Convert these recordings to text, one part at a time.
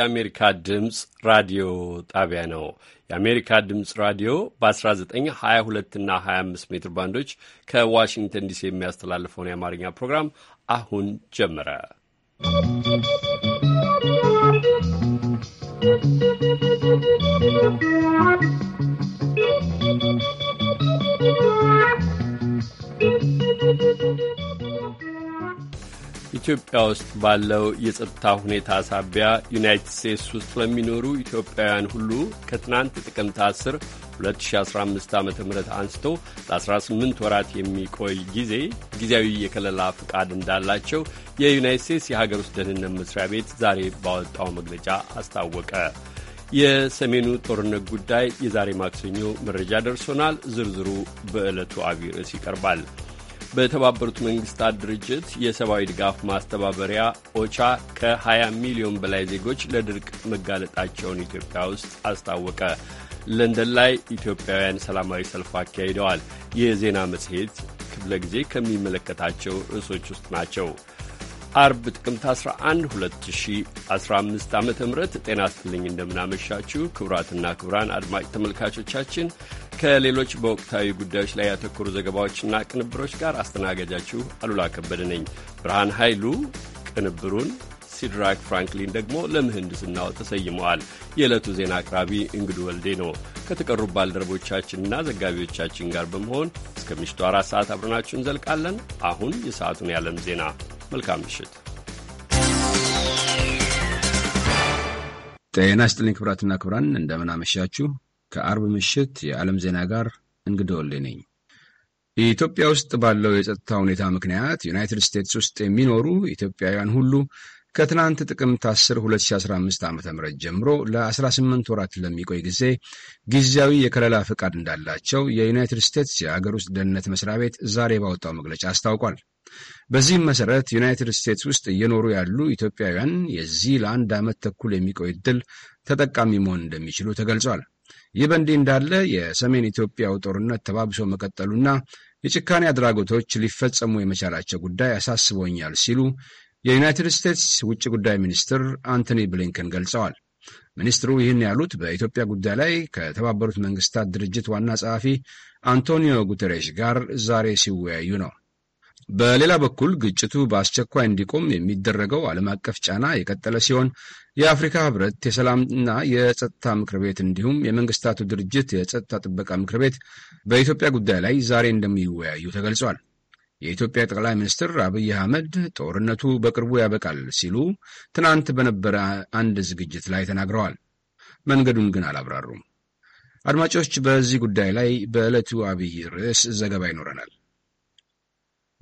የአሜሪካ ድምፅ ራዲዮ ጣቢያ ነው። የአሜሪካ ድምፅ ራዲዮ በ1922 እና 25 ሜትር ባንዶች ከዋሽንግተን ዲሲ የሚያስተላልፈውን የአማርኛ ፕሮግራም አሁን ጀመረ። ¶¶ ኢትዮጵያ ውስጥ ባለው የጸጥታ ሁኔታ ሳቢያ ዩናይትድ ስቴትስ ውስጥ ለሚኖሩ ኢትዮጵያውያን ሁሉ ከትናንት ጥቅምት 10 2015 ዓ ም አንስቶ ለ18 ወራት የሚቆይ ጊዜ ጊዜያዊ የከለላ ፍቃድ እንዳላቸው የዩናይት ስቴትስ የሀገር ውስጥ ደህንነት መስሪያ ቤት ዛሬ ባወጣው መግለጫ አስታወቀ። የሰሜኑ ጦርነት ጉዳይ የዛሬ ማክሰኞ መረጃ ደርሶናል። ዝርዝሩ በዕለቱ አቢይ ርዕስ ይቀርባል። በተባበሩት መንግስታት ድርጅት የሰብአዊ ድጋፍ ማስተባበሪያ ኦቻ ከ20 ሚሊዮን በላይ ዜጎች ለድርቅ መጋለጣቸውን ኢትዮጵያ ውስጥ አስታወቀ። ለንደን ላይ ኢትዮጵያውያን ሰላማዊ ሰልፍ አካሂደዋል። የዜና መጽሔት ክፍለ ጊዜ ከሚመለከታቸው ርዕሶች ውስጥ ናቸው። አርብ ጥቅምት 11 2015 ዓ ም ጤና ይስጥልኝ እንደምናመሻችሁ ክቡራትና ክቡራን አድማጭ ተመልካቾቻችን ከሌሎች በወቅታዊ ጉዳዮች ላይ ያተኮሩ ዘገባዎችና ቅንብሮች ጋር አስተናጋጃችሁ አሉላ ከበደ ነኝ። ብርሃን ኃይሉ ቅንብሩን፣ ሲድራክ ፍራንክሊን ደግሞ ለምህንድስናው ተሰይመዋል። የዕለቱ ዜና አቅራቢ እንግዱ ወልዴ ነው። ከተቀሩ ባልደረቦቻችንና ዘጋቢዎቻችን ጋር በመሆን እስከ ምሽቱ አራት ሰዓት አብረናችሁ እንዘልቃለን። አሁን የሰዓቱን ያለም ዜና መልካም ምሽት። ጤና ይስጥልኝ ክብራትና ክብራን፣ እንደምናመሻችሁ። ከአርብ ምሽት የዓለም ዜና ጋር እንግዳ ነኝ። ኢትዮጵያ ውስጥ ባለው የጸጥታ ሁኔታ ምክንያት ዩናይትድ ስቴትስ ውስጥ የሚኖሩ ኢትዮጵያውያን ሁሉ ከትናንት ጥቅምት 10 2015 ዓ ም ጀምሮ ለ18 ወራት ለሚቆይ ጊዜ ጊዜያዊ የከለላ ፈቃድ እንዳላቸው የዩናይትድ ስቴትስ የአገር ውስጥ ደህንነት መስሪያ ቤት ዛሬ ባወጣው መግለጫ አስታውቋል። በዚህም መሰረት ዩናይትድ ስቴትስ ውስጥ እየኖሩ ያሉ ኢትዮጵያውያን የዚህ ለአንድ ዓመት ተኩል የሚቆይ ዕድል ተጠቃሚ መሆን እንደሚችሉ ተገልጿል። ይህ በእንዲህ እንዳለ የሰሜን ኢትዮጵያው ጦርነት ተባብሶ መቀጠሉና የጭካኔ አድራጎቶች ሊፈጸሙ የመቻላቸው ጉዳይ አሳስቦኛል ሲሉ የዩናይትድ ስቴትስ ውጭ ጉዳይ ሚኒስትር አንቶኒ ብሊንከን ገልጸዋል። ሚኒስትሩ ይህን ያሉት በኢትዮጵያ ጉዳይ ላይ ከተባበሩት መንግስታት ድርጅት ዋና ጸሐፊ አንቶኒዮ ጉተሬሽ ጋር ዛሬ ሲወያዩ ነው። በሌላ በኩል ግጭቱ በአስቸኳይ እንዲቆም የሚደረገው ዓለም አቀፍ ጫና የቀጠለ ሲሆን የአፍሪካ ህብረት የሰላምና የጸጥታ ምክር ቤት እንዲሁም የመንግስታቱ ድርጅት የጸጥታ ጥበቃ ምክር ቤት በኢትዮጵያ ጉዳይ ላይ ዛሬ እንደሚወያዩ ተገልጿል። የኢትዮጵያ ጠቅላይ ሚኒስትር አብይ አህመድ ጦርነቱ በቅርቡ ያበቃል ሲሉ ትናንት በነበረ አንድ ዝግጅት ላይ ተናግረዋል። መንገዱን ግን አላብራሩም። አድማጮች፣ በዚህ ጉዳይ ላይ በዕለቱ አብይ ርዕስ ዘገባ ይኖረናል።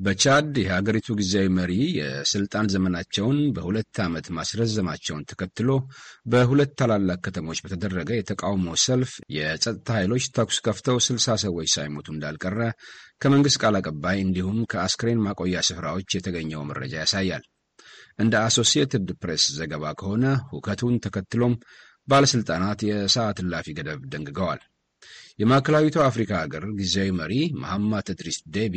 በቻድ የሀገሪቱ ጊዜያዊ መሪ የስልጣን ዘመናቸውን በሁለት ዓመት ማስረዘማቸውን ተከትሎ በሁለት ታላላቅ ከተሞች በተደረገ የተቃውሞ ሰልፍ የጸጥታ ኃይሎች ተኩስ ከፍተው ስልሳ ሰዎች ሳይሞቱ እንዳልቀረ ከመንግሥት ቃል አቀባይ እንዲሁም ከአስክሬን ማቆያ ስፍራዎች የተገኘው መረጃ ያሳያል። እንደ አሶሲየትድ ፕሬስ ዘገባ ከሆነ ሁከቱን ተከትሎም ባለሥልጣናት የሰዓት እላፊ ገደብ ደንግገዋል። የማዕከላዊቷ አፍሪካ ሀገር ጊዜያዊ መሪ መሐማ ተድሪስ ዴቢ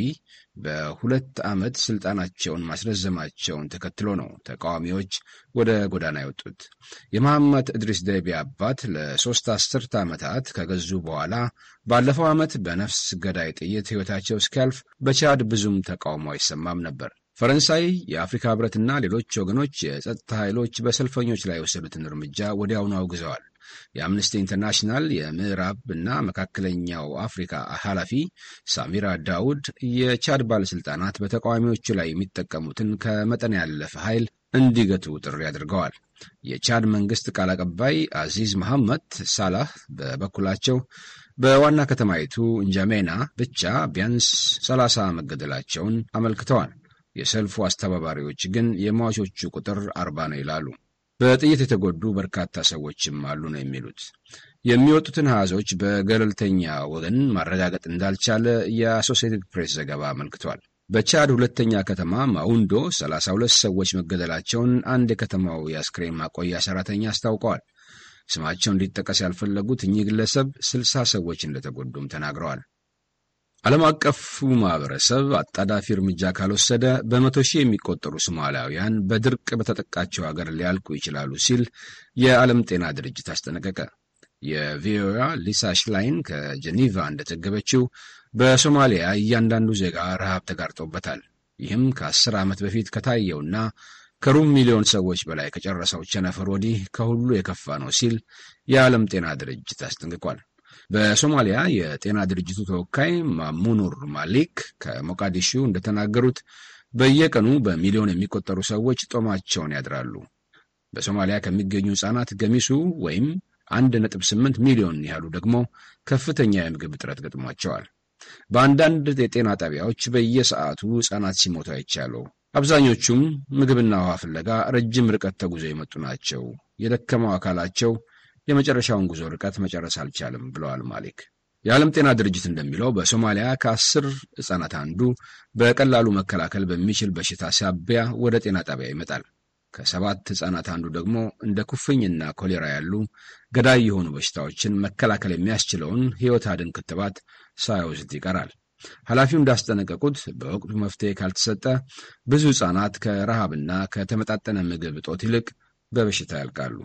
በሁለት ዓመት ስልጣናቸውን ማስረዘማቸውን ተከትሎ ነው ተቃዋሚዎች ወደ ጎዳና የወጡት። የመሐማት እድሪስ ዴቢ አባት ለሶስት አስርት ዓመታት ከገዙ በኋላ ባለፈው ዓመት በነፍስ ገዳይ ጥይት ሕይወታቸው እስኪያልፍ በቻድ ብዙም ተቃውሞ አይሰማም ነበር። ፈረንሳይ፣ የአፍሪካ ህብረትና ሌሎች ወገኖች የጸጥታ ኃይሎች በሰልፈኞች ላይ የወሰዱትን እርምጃ ወዲያውኑ አውግዘዋል። የአምነስቲ ኢንተርናሽናል የምዕራብ እና መካከለኛው አፍሪካ ኃላፊ ሳሚራ ዳውድ የቻድ ባለሥልጣናት በተቃዋሚዎቹ ላይ የሚጠቀሙትን ከመጠን ያለፈ ኃይል እንዲገቱ ጥሪ አድርገዋል። የቻድ መንግስት ቃል አቀባይ አዚዝ መሐመድ ሳላህ በበኩላቸው በዋና ከተማይቱ እንጃሜና ብቻ ቢያንስ ሰላሳ መገደላቸውን አመልክተዋል። የሰልፉ አስተባባሪዎች ግን የሟቾቹ ቁጥር አርባ ነው ይላሉ። በጥይት የተጎዱ በርካታ ሰዎችም አሉ ነው የሚሉት። የሚወጡትን አሃዞች በገለልተኛ ወገን ማረጋገጥ እንዳልቻለ የአሶሴትድ ፕሬስ ዘገባ አመልክቷል። በቻድ ሁለተኛ ከተማ ማውንዶ 32 ሰዎች መገደላቸውን አንድ የከተማው የአስክሬን ማቆያ ሰራተኛ አስታውቀዋል። ስማቸው እንዲጠቀስ ያልፈለጉት እኚህ ግለሰብ 60 ሰዎች እንደተጎዱም ተናግረዋል። ዓለም አቀፉ ማኅበረሰብ አጣዳፊ እርምጃ ካልወሰደ በመቶ ሺህ የሚቆጠሩ ሶማሊያውያን በድርቅ በተጠቃቸው አገር ሊያልቁ ይችላሉ ሲል የዓለም ጤና ድርጅት አስጠነቀቀ። የቪኦኤ ሊሳ ሽላይን ከጀኒቫ እንደዘገበችው በሶማሊያ እያንዳንዱ ዜጋ ረሃብ ተጋርጦበታል። ይህም ከአስር ዓመት በፊት ከታየውና ከሩብ ሚሊዮን ሰዎች በላይ ከጨረሰው ቸነፈር ወዲህ ከሁሉ የከፋ ነው ሲል የዓለም ጤና ድርጅት አስጠንቅቋል። በሶማሊያ የጤና ድርጅቱ ተወካይ ማሙኑር ማሊክ ከሞቃዲሹ እንደተናገሩት በየቀኑ በሚሊዮን የሚቆጠሩ ሰዎች ጦማቸውን ያድራሉ። በሶማሊያ ከሚገኙ ሕጻናት ገሚሱ ወይም 1.8 ሚሊዮን ያህሉ ደግሞ ከፍተኛ የምግብ እጥረት ገጥሟቸዋል። በአንዳንድ የጤና ጣቢያዎች በየሰዓቱ ሕጻናት ሲሞቱ አይቻሉ አብዛኞቹም ምግብና ውሃ ፍለጋ ረጅም ርቀት ተጉዘው የመጡ ናቸው። የደከመው አካላቸው የመጨረሻውን ጉዞ ርቀት መጨረስ አልቻለም ብለዋል ማሊክ። የዓለም ጤና ድርጅት እንደሚለው በሶማሊያ ከአስር ሕፃናት አንዱ በቀላሉ መከላከል በሚችል በሽታ ሳቢያ ወደ ጤና ጣቢያ ይመጣል። ከሰባት ሕፃናት አንዱ ደግሞ እንደ ኩፍኝና ኮሌራ ያሉ ገዳይ የሆኑ በሽታዎችን መከላከል የሚያስችለውን ሕይወት አድን ክትባት ሳይወስድ ይቀራል። ኃላፊው እንዳስጠነቀቁት በወቅቱ መፍትሄ ካልተሰጠ ብዙ ሕፃናት ከረሃብና ከተመጣጠነ ምግብ እጦት ይልቅ በበሽታ ያልቃሉ።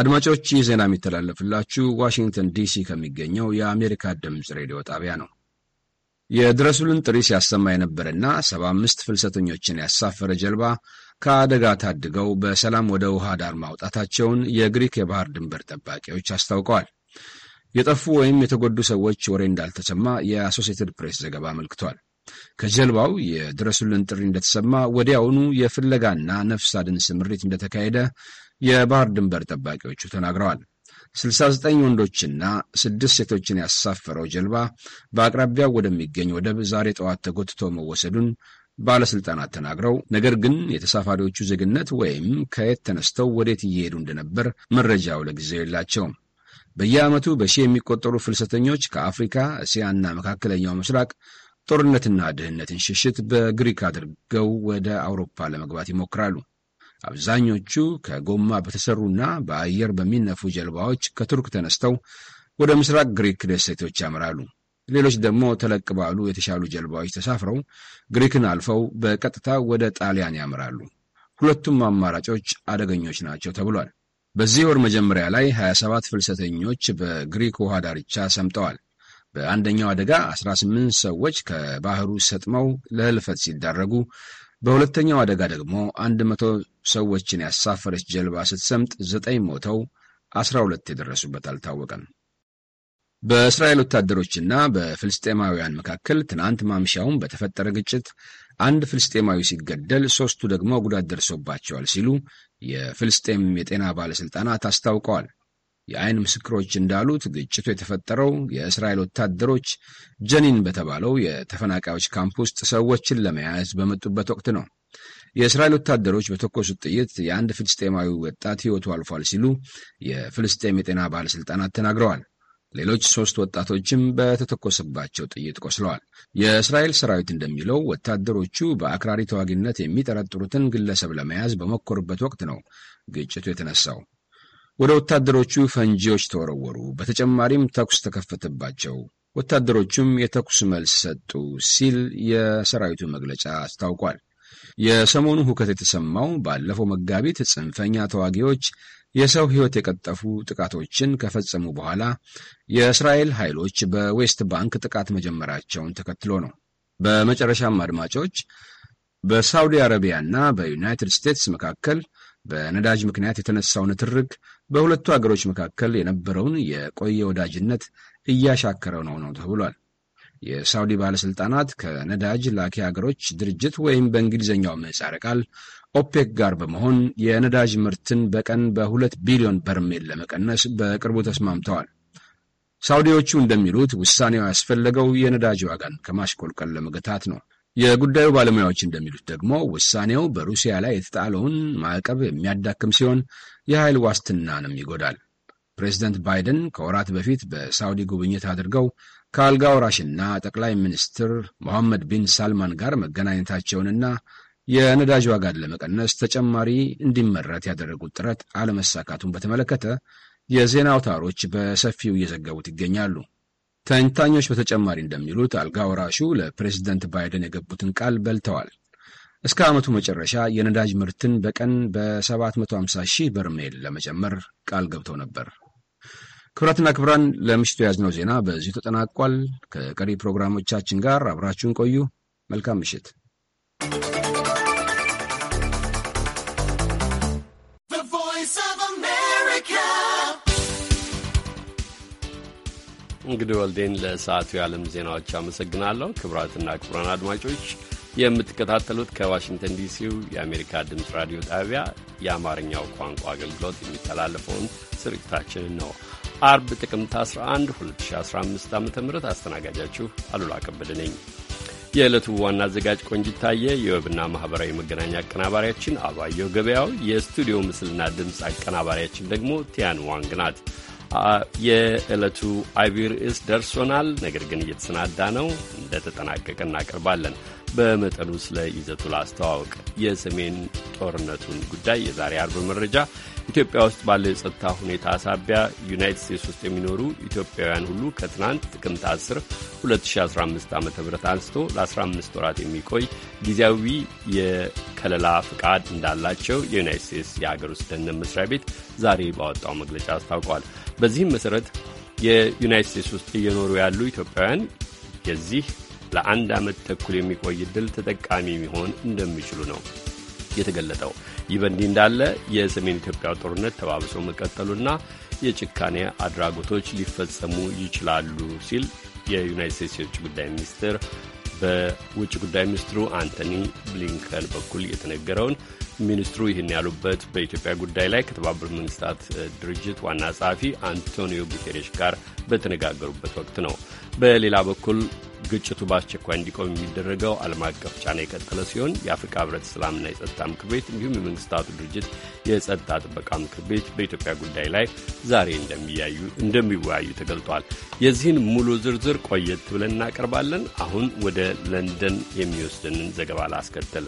አድማጮች ይህ ዜና የሚተላለፍላችሁ ዋሽንግተን ዲሲ ከሚገኘው የአሜሪካ ድምፅ ሬዲዮ ጣቢያ ነው። የድረሱልን ጥሪ ሲያሰማ የነበረና አምስት ፍልሰተኞችን ያሳፈረ ጀልባ ከአደጋ ታድገው በሰላም ወደ ውሃ ዳር ማውጣታቸውን የግሪክ የባህር ድንበር ጠባቂዎች አስታውቀዋል። የጠፉ ወይም የተጎዱ ሰዎች ወሬ እንዳልተሰማ የአሶሴትድ ፕሬስ ዘገባ አመልክቷል። ከጀልባው የድረሱልን ጥሪ እንደተሰማ ወዲያውኑ የፍለጋና ነፍስ አድን ስምሪት እንደተካሄደ የባህር ድንበር ጠባቂዎቹ ተናግረዋል። 69 ወንዶችና ስድስት ሴቶችን ያሳፈረው ጀልባ በአቅራቢያው ወደሚገኝ ወደብ ዛሬ ጠዋት ተጎትቶ መወሰዱን ባለሥልጣናት ተናግረው፣ ነገር ግን የተሳፋሪዎቹ ዜግነት ወይም ከየት ተነስተው ወዴት እየሄዱ እንደነበር መረጃው ለጊዜው የላቸውም። በየዓመቱ በሺ የሚቆጠሩ ፍልሰተኞች ከአፍሪካ እስያና መካከለኛው ምስራቅ ጦርነትና ድህነትን ሽሽት በግሪክ አድርገው ወደ አውሮፓ ለመግባት ይሞክራሉ። አብዛኞቹ ከጎማ በተሰሩና በአየር በሚነፉ ጀልባዎች ከቱርክ ተነስተው ወደ ምስራቅ ግሪክ ደሴቶች ያምራሉ። ሌሎች ደግሞ ተለቅ ባሉ የተሻሉ ጀልባዎች ተሳፍረው ግሪክን አልፈው በቀጥታ ወደ ጣሊያን ያምራሉ። ሁለቱም አማራጮች አደገኞች ናቸው ተብሏል። በዚህ ወር መጀመሪያ ላይ 27 ፍልሰተኞች በግሪክ ውሃ ዳርቻ ሰምጠዋል። በአንደኛው አደጋ 18 ሰዎች ከባህሩ ሰጥመው ለህልፈት ሲዳረጉ በሁለተኛው አደጋ ደግሞ አንድ መቶ ሰዎችን ያሳፈረች ጀልባ ስትሰምጥ ዘጠኝ ሞተው አስራ ሁለት የደረሱበት አልታወቀም። በእስራኤል ወታደሮችና በፍልስጤማውያን መካከል ትናንት ማምሻውን በተፈጠረ ግጭት አንድ ፍልስጤማዊ ሲገደል ሦስቱ ደግሞ ጉዳት ደርሶባቸዋል ሲሉ የፍልስጤም የጤና ባለሥልጣናት አስታውቀዋል። የአይን ምስክሮች እንዳሉት ግጭቱ የተፈጠረው የእስራኤል ወታደሮች ጀኒን በተባለው የተፈናቃዮች ካምፕ ውስጥ ሰዎችን ለመያዝ በመጡበት ወቅት ነው። የእስራኤል ወታደሮች በተኮሱት ጥይት የአንድ ፍልስጤማዊ ወጣት ሕይወቱ አልፏል ሲሉ የፍልስጤም የጤና ባለሥልጣናት ተናግረዋል። ሌሎች ሦስት ወጣቶችም በተተኮሰባቸው ጥይት ቆስለዋል። የእስራኤል ሰራዊት እንደሚለው ወታደሮቹ በአክራሪ ተዋጊነት የሚጠረጥሩትን ግለሰብ ለመያዝ በሞከሩበት ወቅት ነው ግጭቱ የተነሳው። ወደ ወታደሮቹ ፈንጂዎች ተወረወሩ። በተጨማሪም ተኩስ ተከፈተባቸው። ወታደሮቹም የተኩስ መልስ ሰጡ ሲል የሰራዊቱ መግለጫ አስታውቋል። የሰሞኑ ሁከት የተሰማው ባለፈው መጋቢት ጽንፈኛ ተዋጊዎች የሰው ሕይወት የቀጠፉ ጥቃቶችን ከፈጸሙ በኋላ የእስራኤል ኃይሎች በዌስት ባንክ ጥቃት መጀመራቸውን ተከትሎ ነው። በመጨረሻም አድማጮች በሳውዲ አረቢያና በዩናይትድ ስቴትስ መካከል በነዳጅ ምክንያት የተነሳው ንትርክ በሁለቱ አገሮች መካከል የነበረውን የቆየ ወዳጅነት እያሻከረው ነው ነው ተብሏል። የሳውዲ ባለሥልጣናት ከነዳጅ ላኪ አገሮች ድርጅት ወይም በእንግሊዝኛው ምህጻረ ቃል ኦፔክ ጋር በመሆን የነዳጅ ምርትን በቀን በሁለት ቢሊዮን በርሜል ለመቀነስ በቅርቡ ተስማምተዋል። ሳውዲዎቹ እንደሚሉት ውሳኔው ያስፈለገው የነዳጅ ዋጋን ከማሽቆልቀል ለመገታት ነው። የጉዳዩ ባለሙያዎች እንደሚሉት ደግሞ ውሳኔው በሩሲያ ላይ የተጣለውን ማዕቀብ የሚያዳክም ሲሆን የኃይል ዋስትናንም ይጎዳል። ፕሬዚደንት ባይደን ከወራት በፊት በሳውዲ ጉብኝት አድርገው ከአልጋ ወራሽና ጠቅላይ ሚኒስትር መሐመድ ቢን ሳልማን ጋር መገናኘታቸውንና የነዳጅ ዋጋን ለመቀነስ ተጨማሪ እንዲመረት ያደረጉት ጥረት አለመሳካቱን በተመለከተ የዜና አውታሮች በሰፊው እየዘገቡት ይገኛሉ። ተንታኞች በተጨማሪ እንደሚሉት አልጋ ወራሹ ለፕሬዚደንት ባይደን የገቡትን ቃል በልተዋል። እስከ ዓመቱ መጨረሻ የነዳጅ ምርትን በቀን በ750 ሺህ በርሜል ለመጨመር ቃል ገብተው ነበር። ክብረትና ክብራን ለምሽቱ የያዝነው ዜና በዚሁ ተጠናቋል። ከቀሪ ፕሮግራሞቻችን ጋር አብራችሁን ቆዩ። መልካም ምሽት። እንግዲህ ወልዴን ለሰዓቱ የዓለም ዜናዎች አመሰግናለሁ። ክቡራትና ክቡራን አድማጮች የምትከታተሉት ከዋሽንግተን ዲሲው የአሜሪካ ድምፅ ራዲዮ ጣቢያ የአማርኛው ቋንቋ አገልግሎት የሚተላለፈውን ስርጭታችንን ነው። አርብ ጥቅምት 11 2015 ዓ ም አስተናጋጃችሁ አሉላ ከበደ ነኝ። የዕለቱ ዋና አዘጋጅ ቆንጅ ይታየ የወብና ማኅበራዊ መገናኛ አቀናባሪያችን አባየው ገበያው፣ የስቱዲዮ ምስልና ድምፅ አቀናባሪያችን ደግሞ ቲያን ዋንግ ናት። የዕለቱ አቢይ ርዕስ ደርሶናል። ነገር ግን እየተሰናዳ ነው። እንደተጠናቀቀ እናቀርባለን። በመጠኑ ስለ ይዘቱ ላስተዋወቅ። የሰሜን ጦርነቱን ጉዳይ የዛሬ አርብ መረጃ ኢትዮጵያ ውስጥ ባለው የጸጥታ ሁኔታ ሳቢያ ዩናይትድ ስቴትስ ውስጥ የሚኖሩ ኢትዮጵያውያን ሁሉ ከትናንት ጥቅምት 10 2015 ዓ ም አንስቶ ለ15 ወራት የሚቆይ ጊዜያዊ የከለላ ፍቃድ እንዳላቸው የዩናይትድ ስቴትስ የሀገር ውስጥ ደህንነት መስሪያ ቤት ዛሬ ባወጣው መግለጫ አስታውቋል። በዚህም መሠረት የዩናይትድ ስቴትስ ውስጥ እየኖሩ ያሉ ኢትዮጵያውያን የዚህ ለአንድ ዓመት ተኩል የሚቆይ ዕድል ተጠቃሚ መሆን እንደሚችሉ ነው የተገለጠው። ይህ በእንዲህ እንዳለ የሰሜን ኢትዮጵያ ጦርነት ተባብሶ መቀጠሉና የጭካኔ አድራጎቶች ሊፈጸሙ ይችላሉ ሲል የዩናይት ስቴትስ የውጭ ጉዳይ ሚኒስትር በውጭ ጉዳይ ሚኒስትሩ አንቶኒ ብሊንከን በኩል የተነገረውን ሚኒስትሩ ይህን ያሉበት በኢትዮጵያ ጉዳይ ላይ ከተባበሩት መንግስታት ድርጅት ዋና ጸሐፊ አንቶኒዮ ጉቴሬሽ ጋር በተነጋገሩበት ወቅት ነው። በሌላ በኩል ግጭቱ በአስቸኳይ እንዲቆም የሚደረገው ዓለም አቀፍ ጫና የቀጠለ ሲሆን የአፍሪካ ህብረት ሰላምና የጸጥታ ምክር ቤት እንዲሁም የመንግስታቱ ድርጅት የጸጥታ ጥበቃ ምክር ቤት በኢትዮጵያ ጉዳይ ላይ ዛሬ እንደሚያዩ እንደሚወያዩ ተገልጧል። የዚህን ሙሉ ዝርዝር ቆየት ብለን እናቀርባለን። አሁን ወደ ለንደን የሚወስድንን ዘገባ ላስከተል።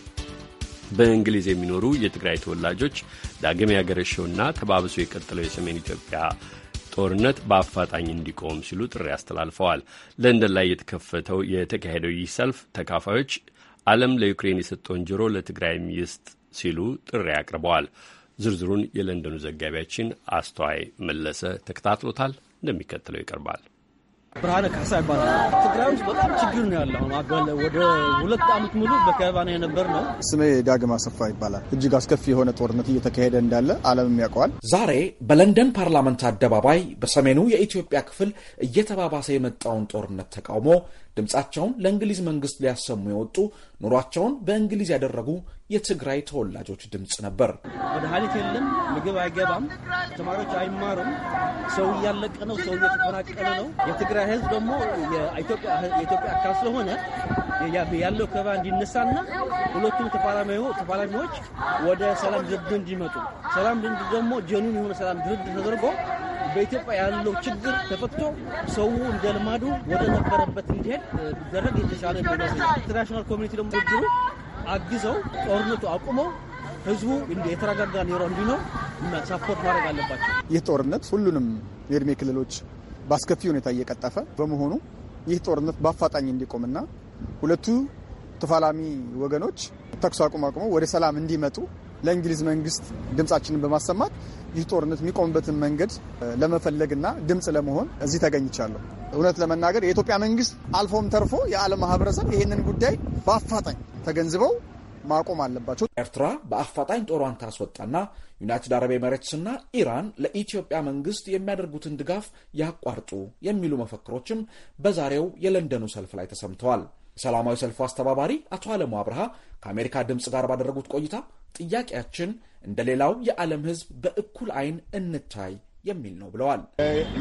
በእንግሊዝ የሚኖሩ የትግራይ ተወላጆች ዳግም ያገረሸውና ተባብሶ የቀጠለው የሰሜን ኢትዮጵያ ጦርነት በአፋጣኝ እንዲቆም ሲሉ ጥሪ አስተላልፈዋል። ለንደን ላይ የተከፈተው የተካሄደው ይህ ሰልፍ ተካፋዮች ዓለም ለዩክሬን የሰጠውን ጆሮ ለትግራይ ይስጥ ሲሉ ጥሪ አቅርበዋል። ዝርዝሩን የለንደኑ ዘጋቢያችን አስተዋይ መለሰ ተከታትሎታል፣ እንደሚከተለው ይቀርባል። ብርሃነ ካሳ ይባላል። ውስጥ በጣም ችግር ነው ያለ። አሁን ወደ ሁለት ዓመት ሙሉ በከባና የነበር ነው። ስሜ ዳግም አሰፋ ይባላል። እጅግ አስከፊ የሆነ ጦርነት እየተካሄደ እንዳለ ዓለምም ያውቀዋል። ዛሬ በለንደን ፓርላመንት አደባባይ በሰሜኑ የኢትዮጵያ ክፍል እየተባባሰ የመጣውን ጦርነት ተቃውሞ ድምፃቸውን ለእንግሊዝ መንግስት ሊያሰሙ የወጡ ኑሯቸውን በእንግሊዝ ያደረጉ የትግራይ ተወላጆች ድምፅ ነበር። መድኃኒት የለም፣ ምግብ አይገባም፣ ተማሪዎች አይማሩም፣ ሰው እያለቀ ነው፣ ሰው እየተፈናቀለ ነው። የትግራይ ህዝብ ደግሞ የኢትዮጵያ አካል ስለሆነ ያለው ከባ እንዲነሳና ሁለቱም ተፋላሚዎች ወደ ሰላም ድርድር እንዲመጡ ሰላም ድርድር ደግሞ ጀኑን የሆነ ሰላም ድርድር ተደርጎ በኢትዮጵያ ያለው ችግር ተፈቶ ሰው እንደ ልማዱ ወደ ነበረበት እንዲሄድ ቢደረግ የተሻለ ኢንተርናሽናል ኮሚኒቲ ደግሞ ድርድሩ አግዘው ጦርነቱ አቁመው ህዝቡ የተረጋጋ ኑሮ እንዲኖር እና ሳፖርት ማድረግ አለባቸው። ይህ ጦርነት ሁሉንም የእድሜ ክልሎች በአስከፊ ሁኔታ እየቀጠፈ በመሆኑ ይህ ጦርነት በአፋጣኝ እንዲቆምና ሁለቱ ተፋላሚ ወገኖች ተኩስ አቁም አቁመው ወደ ሰላም እንዲመጡ ለእንግሊዝ መንግስት ድምፃችንን በማሰማት ይህ ጦርነት የሚቆምበትን መንገድ ለመፈለግና ድምፅ ለመሆን እዚህ ተገኝቻለሁ። እውነት ለመናገር የኢትዮጵያ መንግስት አልፎም ተርፎ የዓለም ማህበረሰብ ይህንን ጉዳይ በአፋጣኝ ተገንዝበው ማቆም አለባቸው። ኤርትራ በአፋጣኝ ጦሯን ታስወጣና ዩናይትድ አረብ ኤምሬትስና ኢራን ለኢትዮጵያ መንግስት የሚያደርጉትን ድጋፍ ያቋርጡ የሚሉ መፈክሮችም በዛሬው የለንደኑ ሰልፍ ላይ ተሰምተዋል። ሰላማዊ ሰልፉ አስተባባሪ አቶ አለሙ አብርሃ ከአሜሪካ ድምፅ ጋር ባደረጉት ቆይታ ጥያቄያችን እንደ ሌላው የዓለም ሕዝብ በእኩል አይን እንታይ የሚል ነው ብለዋል።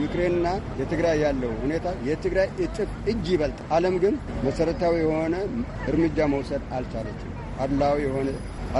ዩክሬንና የትግራይ ያለው ሁኔታ የትግራይ እጥፍ እጅ ይበልጥ፣ ዓለም ግን መሰረታዊ የሆነ እርምጃ መውሰድ አልቻለችም። አድላዊ የሆነ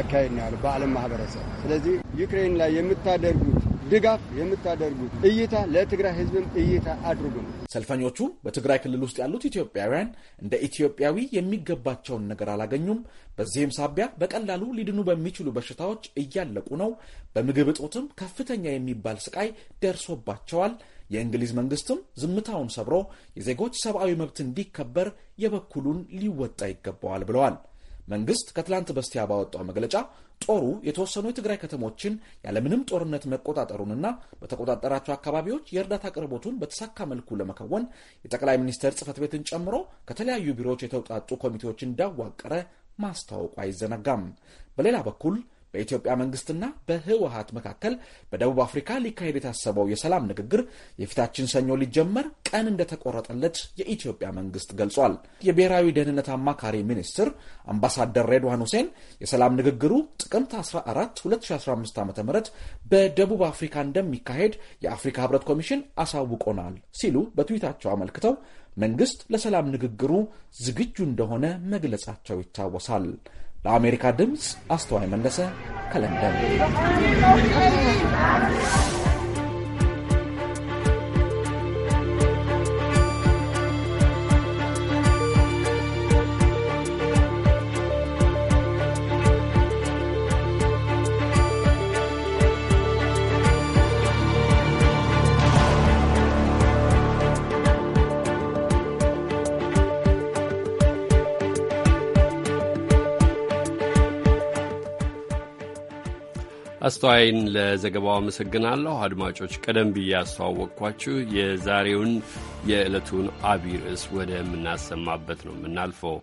አካሄድ ነው ያለው በዓለም ማህበረሰብ። ስለዚህ ዩክሬን ላይ የምታደርጉት ድጋፍ የምታደርጉት እይታ ለትግራይ ህዝብም እይታ አድርጉ ነው። ሰልፈኞቹ በትግራይ ክልል ውስጥ ያሉት ኢትዮጵያውያን እንደ ኢትዮጵያዊ የሚገባቸውን ነገር አላገኙም። በዚህም ሳቢያ በቀላሉ ሊድኑ በሚችሉ በሽታዎች እያለቁ ነው። በምግብ እጦትም ከፍተኛ የሚባል ስቃይ ደርሶባቸዋል። የእንግሊዝ መንግስትም ዝምታውን ሰብሮ የዜጎች ሰብአዊ መብት እንዲከበር የበኩሉን ሊወጣ ይገባዋል ብለዋል። መንግስት ከትላንት በስቲያ ባወጣው መግለጫ ጦሩ የተወሰኑ የትግራይ ከተሞችን ያለምንም ጦርነት መቆጣጠሩንና በተቆጣጠራቸው አካባቢዎች የእርዳታ አቅርቦቱን በተሳካ መልኩ ለመከወን የጠቅላይ ሚኒስትር ጽህፈት ቤትን ጨምሮ ከተለያዩ ቢሮዎች የተውጣጡ ኮሚቴዎች እንዳዋቀረ ማስታወቁ አይዘነጋም። በሌላ በኩል በኢትዮጵያ መንግስትና በህወሀት መካከል በደቡብ አፍሪካ ሊካሄድ የታሰበው የሰላም ንግግር የፊታችን ሰኞ ሊጀመር ቀን እንደተቆረጠለት የኢትዮጵያ መንግስት ገልጿል። የብሔራዊ ደህንነት አማካሪ ሚኒስትር አምባሳደር ሬድዋን ሁሴን የሰላም ንግግሩ ጥቅምት 14 2015 ዓ ም በደቡብ አፍሪካ እንደሚካሄድ የአፍሪካ ህብረት ኮሚሽን አሳውቆናል ሲሉ በትዊታቸው አመልክተው መንግስት ለሰላም ንግግሩ ዝግጁ እንደሆነ መግለጻቸው ይታወሳል። ለአሜሪካ ድምፅ አስተዋይ መለሰ ከለንደን አስተዋይን ለዘገባው አመሰግናለሁ። አድማጮች ቀደም ብዬ ያስተዋወቅኳችሁ የዛሬውን የዕለቱን አቢይ ርዕስ የምናሰማበት ነው የምናልፈው።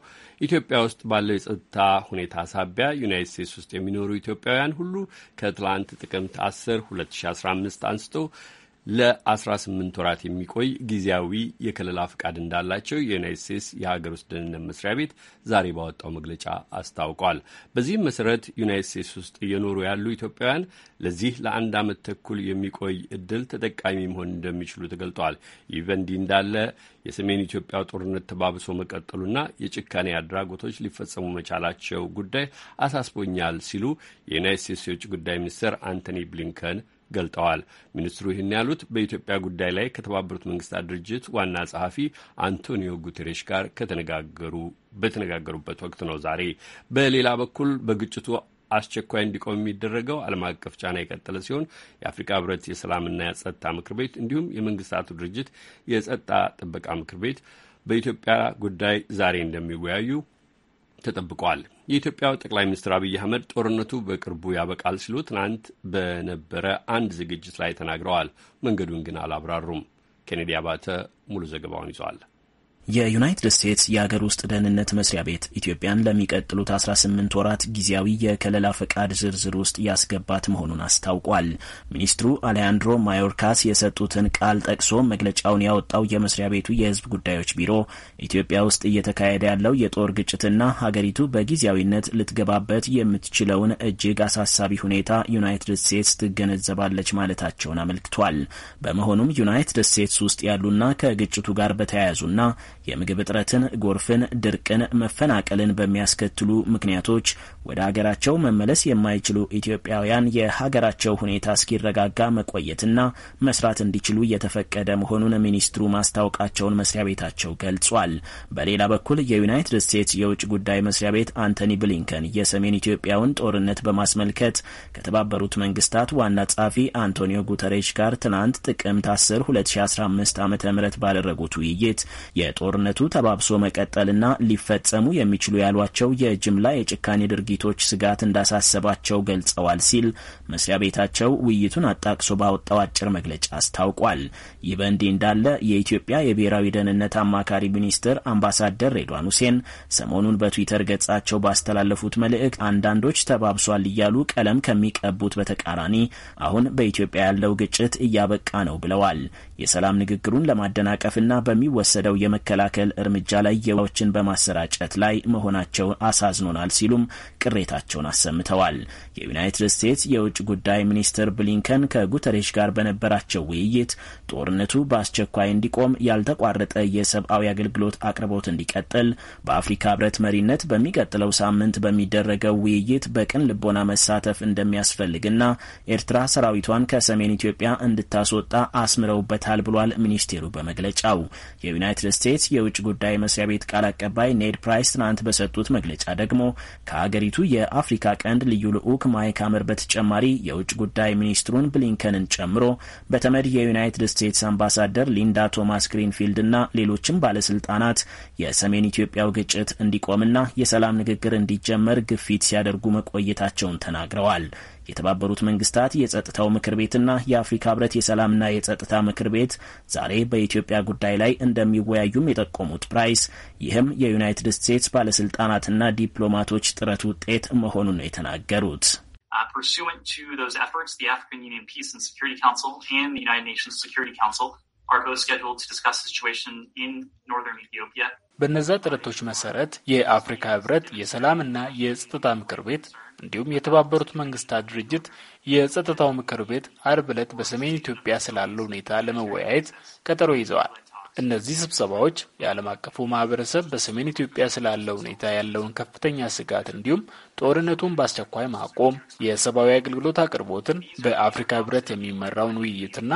ኢትዮጵያ ውስጥ ባለው የጸጥታ ሁኔታ ሳቢያ ዩናይት ስቴትስ ውስጥ የሚኖሩ ኢትዮጵያውያን ሁሉ ከትላንት ጥቅምት 10 2015 አንስቶ ለ18 ወራት የሚቆይ ጊዜያዊ የከለላ ፍቃድ እንዳላቸው የዩናይት ስቴትስ የሀገር ውስጥ ደህንነት መስሪያ ቤት ዛሬ ባወጣው መግለጫ አስታውቋል። በዚህም መሰረት ዩናይት ስቴትስ ውስጥ እየኖሩ ያሉ ኢትዮጵያውያን ለዚህ ለአንድ ዓመት ተኩል የሚቆይ እድል ተጠቃሚ መሆን እንደሚችሉ ተገልጧል። ይህ በእንዲህ እንዳለ የሰሜን ኢትዮጵያ ጦርነት ተባብሶ መቀጠሉና የጭካኔ አድራጎቶች ሊፈጸሙ መቻላቸው ጉዳይ አሳስቦኛል ሲሉ የዩናይት ስቴትስ የውጭ ጉዳይ ሚኒስትር አንቶኒ ብሊንከን ገልጠዋል። ሚኒስትሩ ይህን ያሉት በኢትዮጵያ ጉዳይ ላይ ከተባበሩት መንግስታት ድርጅት ዋና ጸሐፊ አንቶኒዮ ጉቴሬሽ ጋር ከተነጋገሩ በተነጋገሩበት ወቅት ነው። ዛሬ በሌላ በኩል በግጭቱ አስቸኳይ እንዲቆም የሚደረገው ዓለም አቀፍ ጫና የቀጠለ ሲሆን የአፍሪካ ህብረት የሰላምና የጸጥታ ምክር ቤት እንዲሁም የመንግስታቱ ድርጅት የጸጥታ ጥበቃ ምክር ቤት በኢትዮጵያ ጉዳይ ዛሬ እንደሚወያዩ ተጠብቋል። የኢትዮጵያው ጠቅላይ ሚኒስትር አብይ አህመድ ጦርነቱ በቅርቡ ያበቃል ሲሉ ትናንት በነበረ አንድ ዝግጅት ላይ ተናግረዋል። መንገዱን ግን አላብራሩም። ኬኔዲ አባተ ሙሉ ዘገባውን ይዟል። የዩናይትድ ስቴትስ የአገር ውስጥ ደህንነት መስሪያ ቤት ኢትዮጵያን ለሚቀጥሉት 18 ወራት ጊዜያዊ የከለላ ፈቃድ ዝርዝር ውስጥ ያስገባት መሆኑን አስታውቋል። ሚኒስትሩ አሌያንድሮ ማዮርካስ የሰጡትን ቃል ጠቅሶ መግለጫውን ያወጣው የመስሪያ ቤቱ የሕዝብ ጉዳዮች ቢሮ ኢትዮጵያ ውስጥ እየተካሄደ ያለው የጦር ግጭትና ሀገሪቱ በጊዜያዊነት ልትገባበት የምትችለውን እጅግ አሳሳቢ ሁኔታ ዩናይትድ ስቴትስ ትገነዘባለች ማለታቸውን አመልክቷል። በመሆኑም ዩናይትድ ስቴትስ ውስጥ ያሉና ከግጭቱ ጋር በተያያዙና የምግብ እጥረትን፣ ጎርፍን፣ ድርቅን፣ መፈናቀልን በሚያስከትሉ ምክንያቶች ወደ ሀገራቸው መመለስ የማይችሉ ኢትዮጵያውያን የሀገራቸው ሁኔታ እስኪረጋጋ መቆየትና መስራት እንዲችሉ የተፈቀደ መሆኑን ሚኒስትሩ ማስታወቃቸውን መስሪያ ቤታቸው ገልጿል። በሌላ በኩል የዩናይትድ ስቴትስ የውጭ ጉዳይ መስሪያ ቤት አንቶኒ ብሊንከን የሰሜን ኢትዮጵያውን ጦርነት በማስመልከት ከተባበሩት መንግስታት ዋና ጸሐፊ አንቶኒዮ ጉተሬሽ ጋር ትናንት ጥቅምት 10 2015 ዓ ም ባደረጉት ውይይት የጦር ጦርነቱ ተባብሶ መቀጠልና ሊፈጸሙ የሚችሉ ያሏቸው የጅምላ የጭካኔ ድርጊቶች ስጋት እንዳሳሰባቸው ገልጸዋል ሲል መስሪያ ቤታቸው ውይይቱን አጣቅሶ ባወጣው አጭር መግለጫ አስታውቋል። ይህ በእንዲህ እንዳለ የኢትዮጵያ የብሔራዊ ደህንነት አማካሪ ሚኒስትር አምባሳደር ሬድዋን ሁሴን ሰሞኑን በትዊተር ገጻቸው ባስተላለፉት መልእክት አንዳንዶች ተባብሷል እያሉ ቀለም ከሚቀቡት በተቃራኒ አሁን በኢትዮጵያ ያለው ግጭት እያበቃ ነው ብለዋል። የሰላም ንግግሩን ለማደናቀፍና በሚወሰደው የመከላከል እርምጃ ላይ የዎችን በማሰራጨት ላይ መሆናቸውን አሳዝኖናል ሲሉም ቅሬታቸውን አሰምተዋል። የዩናይትድ ስቴትስ የውጭ ጉዳይ ሚኒስትር ብሊንከን ከጉተሬሽ ጋር በነበራቸው ውይይት ጦርነቱ በአስቸኳይ እንዲቆም፣ ያልተቋረጠ የሰብአዊ አገልግሎት አቅርቦት እንዲቀጥል፣ በአፍሪካ ህብረት መሪነት በሚቀጥለው ሳምንት በሚደረገው ውይይት በቅን ልቦና መሳተፍ እንደሚያስፈልግና ኤርትራ ሰራዊቷን ከሰሜን ኢትዮጵያ እንድታስወጣ አስምረውበታል ይመለከታል ብሏል ሚኒስቴሩ በመግለጫው። የዩናይትድ ስቴትስ የውጭ ጉዳይ መስሪያ ቤት ቃል አቀባይ ኔድ ፕራይስ ትናንት በሰጡት መግለጫ ደግሞ ከሀገሪቱ የአፍሪካ ቀንድ ልዩ ልዑክ ማይክ ሀመር በተጨማሪ የውጭ ጉዳይ ሚኒስትሩን ብሊንከንን ጨምሮ በተመድ የዩናይትድ ስቴትስ አምባሳደር ሊንዳ ቶማስ ግሪንፊልድ እና ሌሎችም ባለስልጣናት የሰሜን ኢትዮጵያው ግጭት እንዲቆምና የሰላም ንግግር እንዲጀመር ግፊት ሲያደርጉ መቆየታቸውን ተናግረዋል። የተባበሩት መንግስታት የጸጥታው ምክር ቤትና የአፍሪካ ህብረት የሰላምና የጸጥታ ምክር ቤት ዛሬ በኢትዮጵያ ጉዳይ ላይ እንደሚወያዩም የጠቆሙት ፕራይስ ይህም የዩናይትድ ስቴትስ ባለስልጣናትና ዲፕሎማቶች ጥረት ውጤት መሆኑን ነው የተናገሩት። uh, በነዛ ጥረቶች መሰረት የአፍሪካ ህብረት የሰላምና የጸጥታ ምክር ቤት እንዲሁም የተባበሩት መንግስታት ድርጅት የጸጥታው ምክር ቤት አርብ ዕለት በሰሜን ኢትዮጵያ ስላለው ሁኔታ ለመወያየት ቀጠሮ ይዘዋል። እነዚህ ስብሰባዎች የዓለም አቀፉ ማህበረሰብ በሰሜን ኢትዮጵያ ስላለው ሁኔታ ያለውን ከፍተኛ ስጋት እንዲሁም ጦርነቱን በአስቸኳይ ማቆም፣ የሰብአዊ አገልግሎት አቅርቦትን፣ በአፍሪካ ህብረት የሚመራውን ውይይትና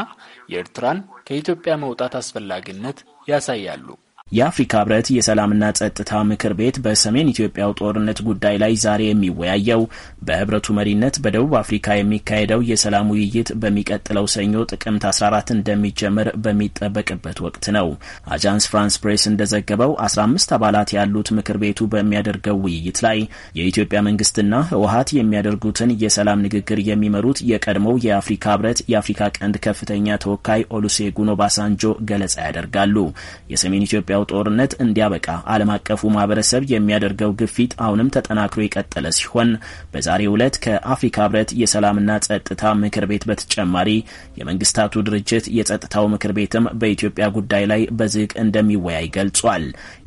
የኤርትራን ከኢትዮጵያ መውጣት አስፈላጊነት ያሳያሉ። የአፍሪካ ህብረት የሰላምና ጸጥታ ምክር ቤት በሰሜን ኢትዮጵያው ጦርነት ጉዳይ ላይ ዛሬ የሚወያየው በህብረቱ መሪነት በደቡብ አፍሪካ የሚካሄደው የሰላም ውይይት በሚቀጥለው ሰኞ ጥቅምት 14 እንደሚጀምር በሚጠበቅበት ወቅት ነው። አጃንስ ፍራንስ ፕሬስ እንደዘገበው 15 አባላት ያሉት ምክር ቤቱ በሚያደርገው ውይይት ላይ የኢትዮጵያ መንግስትና ህወሀት የሚያደርጉትን የሰላም ንግግር የሚመሩት የቀድሞው የአፍሪካ ህብረት የአፍሪካ ቀንድ ከፍተኛ ተወካይ ኦሉሴጉን ኦባሳንጆ ገለጻ ያደርጋሉ። የሰሜን ኢትዮጵያ የሶሪያው ጦርነት እንዲያበቃ ዓለም አቀፉ ማህበረሰብ የሚያደርገው ግፊት አሁንም ተጠናክሮ የቀጠለ ሲሆን በዛሬው ዕለት ከአፍሪካ ህብረት የሰላምና ጸጥታ ምክር ቤት በተጨማሪ የመንግስታቱ ድርጅት የጸጥታው ምክር ቤትም በኢትዮጵያ ጉዳይ ላይ በዝግ እንደሚወያይ ገልጿል።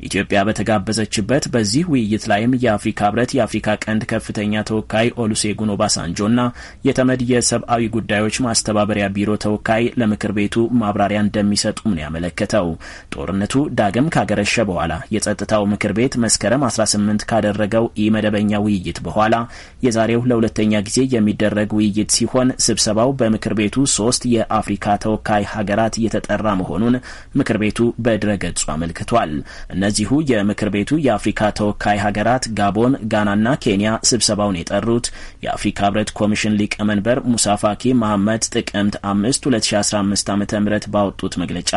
ኢትዮጵያ በተጋበዘችበት በዚህ ውይይት ላይም የአፍሪካ ህብረት የአፍሪካ ቀንድ ከፍተኛ ተወካይ ኦሉሴጉን ኦባሳንጆና የተመድ የሰብአዊ ጉዳዮች ማስተባበሪያ ቢሮ ተወካይ ለምክር ቤቱ ማብራሪያ እንደሚሰጡም ነው ያመለከተው። ጦርነቱ ዳገ ዳግም ካገረሸ በኋላ የጸጥታው ምክር ቤት መስከረም 18 ካደረገው ኢመደበኛ ውይይት በኋላ የዛሬው ለሁለተኛ ጊዜ የሚደረግ ውይይት ሲሆን ስብሰባው በምክር ቤቱ ሶስት የአፍሪካ ተወካይ ሀገራት የተጠራ መሆኑን ምክር ቤቱ በድረገጹ አመልክቷል። እነዚሁ የምክር ቤቱ የአፍሪካ ተወካይ ሀገራት ጋቦን፣ ጋናና ኬንያ ስብሰባውን የጠሩት የአፍሪካ ህብረት ኮሚሽን ሊቀመንበር ሙሳፋኪ መሐመድ ጥቅምት 5 2015 ዓ ም ባወጡት መግለጫ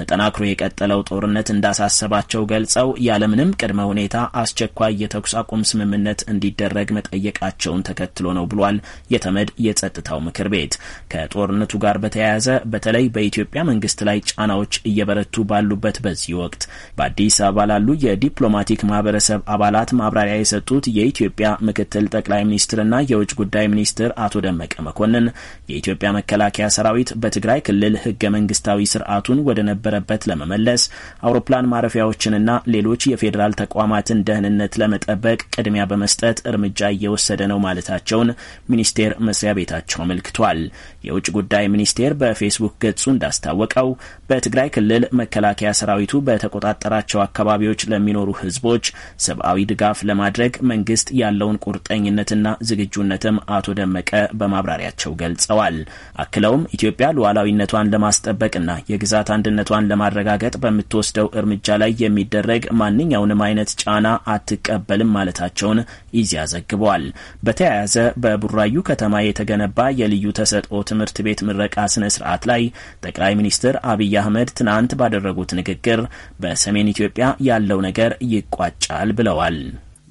ተጠናክሮ የቀጠለው ጦርነት እንዳሳሰባቸው ገልጸው ያለምንም ቅድመ ሁኔታ አስቸኳይ የተኩስ አቁም ስምምነት እንዲደረግ መጠየቃቸውን ተከትሎ ነው ብሏል የተመድ የጸጥታው ምክር ቤት። ከጦርነቱ ጋር በተያያዘ በተለይ በኢትዮጵያ መንግስት ላይ ጫናዎች እየበረቱ ባሉበት በዚህ ወቅት በአዲስ አበባ ላሉ የዲፕሎማቲክ ማህበረሰብ አባላት ማብራሪያ የሰጡት የኢትዮጵያ ምክትል ጠቅላይ ሚኒስትርና የውጭ ጉዳይ ሚኒስትር አቶ ደመቀ መኮንን የኢትዮጵያ መከላከያ ሰራዊት በትግራይ ክልል ህገ መንግስታዊ ስርዓቱን ወደ ነበረበት ለመመለስ አውሮ የአውሮፕላን ማረፊያዎችንና ሌሎች የፌዴራል ተቋማትን ደህንነት ለመጠበቅ ቅድሚያ በመስጠት እርምጃ እየወሰደ ነው ማለታቸውን ሚኒስቴር መስሪያ ቤታቸው አመልክቷል። የውጭ ጉዳይ ሚኒስቴር በፌስቡክ ገጹ እንዳስታወቀው በትግራይ ክልል መከላከያ ሰራዊቱ በተቆጣጠራቸው አካባቢዎች ለሚኖሩ ህዝቦች ሰብአዊ ድጋፍ ለማድረግ መንግስት ያለውን ቁርጠኝነትና ዝግጁነትም አቶ ደመቀ በማብራሪያቸው ገልጸዋል። አክለውም ኢትዮጵያ ሉዓላዊነቷን ለማስጠበቅና የግዛት አንድነቷን ለማረጋገጥ በምትወስደው እርምጃ ላይ የሚደረግ ማንኛውንም አይነት ጫና አትቀበልም ማለታቸውን ኢዜአ ዘግቧል። በተያያዘ በቡራዩ ከተማ የተገነባ የልዩ ተሰጥኦ ትምህርት ቤት ምረቃ ስነ ስርዓት ላይ ጠቅላይ ሚኒስትር አብይ አህመድ ትናንት ባደረጉት ንግግር በሰሜን ኢትዮጵያ ያለው ነገር ይቋጫል ብለዋል።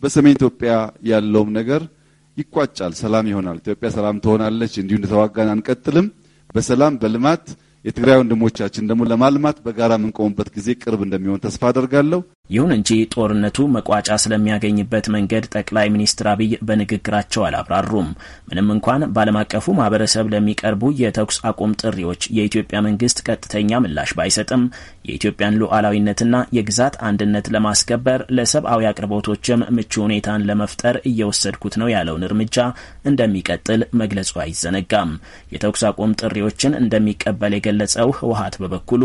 በሰሜን ኢትዮጵያ ያለውም ነገር ይቋጫል፣ ሰላም ይሆናል፣ ኢትዮጵያ ሰላም ትሆናለች፣ እንዲሁ እንደተዋጋን አንቀጥልም፣ በሰላም በልማት የትግራይ ወንድሞቻችን ደግሞ ለማልማት በጋራ የምንቆሙበት ጊዜ ቅርብ እንደሚሆን ተስፋ አደርጋለሁ። ይሁን እንጂ ጦርነቱ መቋጫ ስለሚያገኝበት መንገድ ጠቅላይ ሚኒስትር አብይ በንግግራቸው አላብራሩም። ምንም እንኳን በዓለም አቀፉ ማህበረሰብ ለሚቀርቡ የተኩስ አቁም ጥሪዎች የኢትዮጵያ መንግስት ቀጥተኛ ምላሽ ባይሰጥም የኢትዮጵያን ሉዓላዊነትና የግዛት አንድነት ለማስከበር ለሰብአዊ አቅርቦቶችም ምቹ ሁኔታን ለመፍጠር እየወሰድኩት ነው ያለውን እርምጃ እንደሚቀጥል መግለጹ አይዘነጋም። የተኩስ አቁም ጥሪዎችን እንደሚቀበል የገለጸው ህወሀት በበኩሉ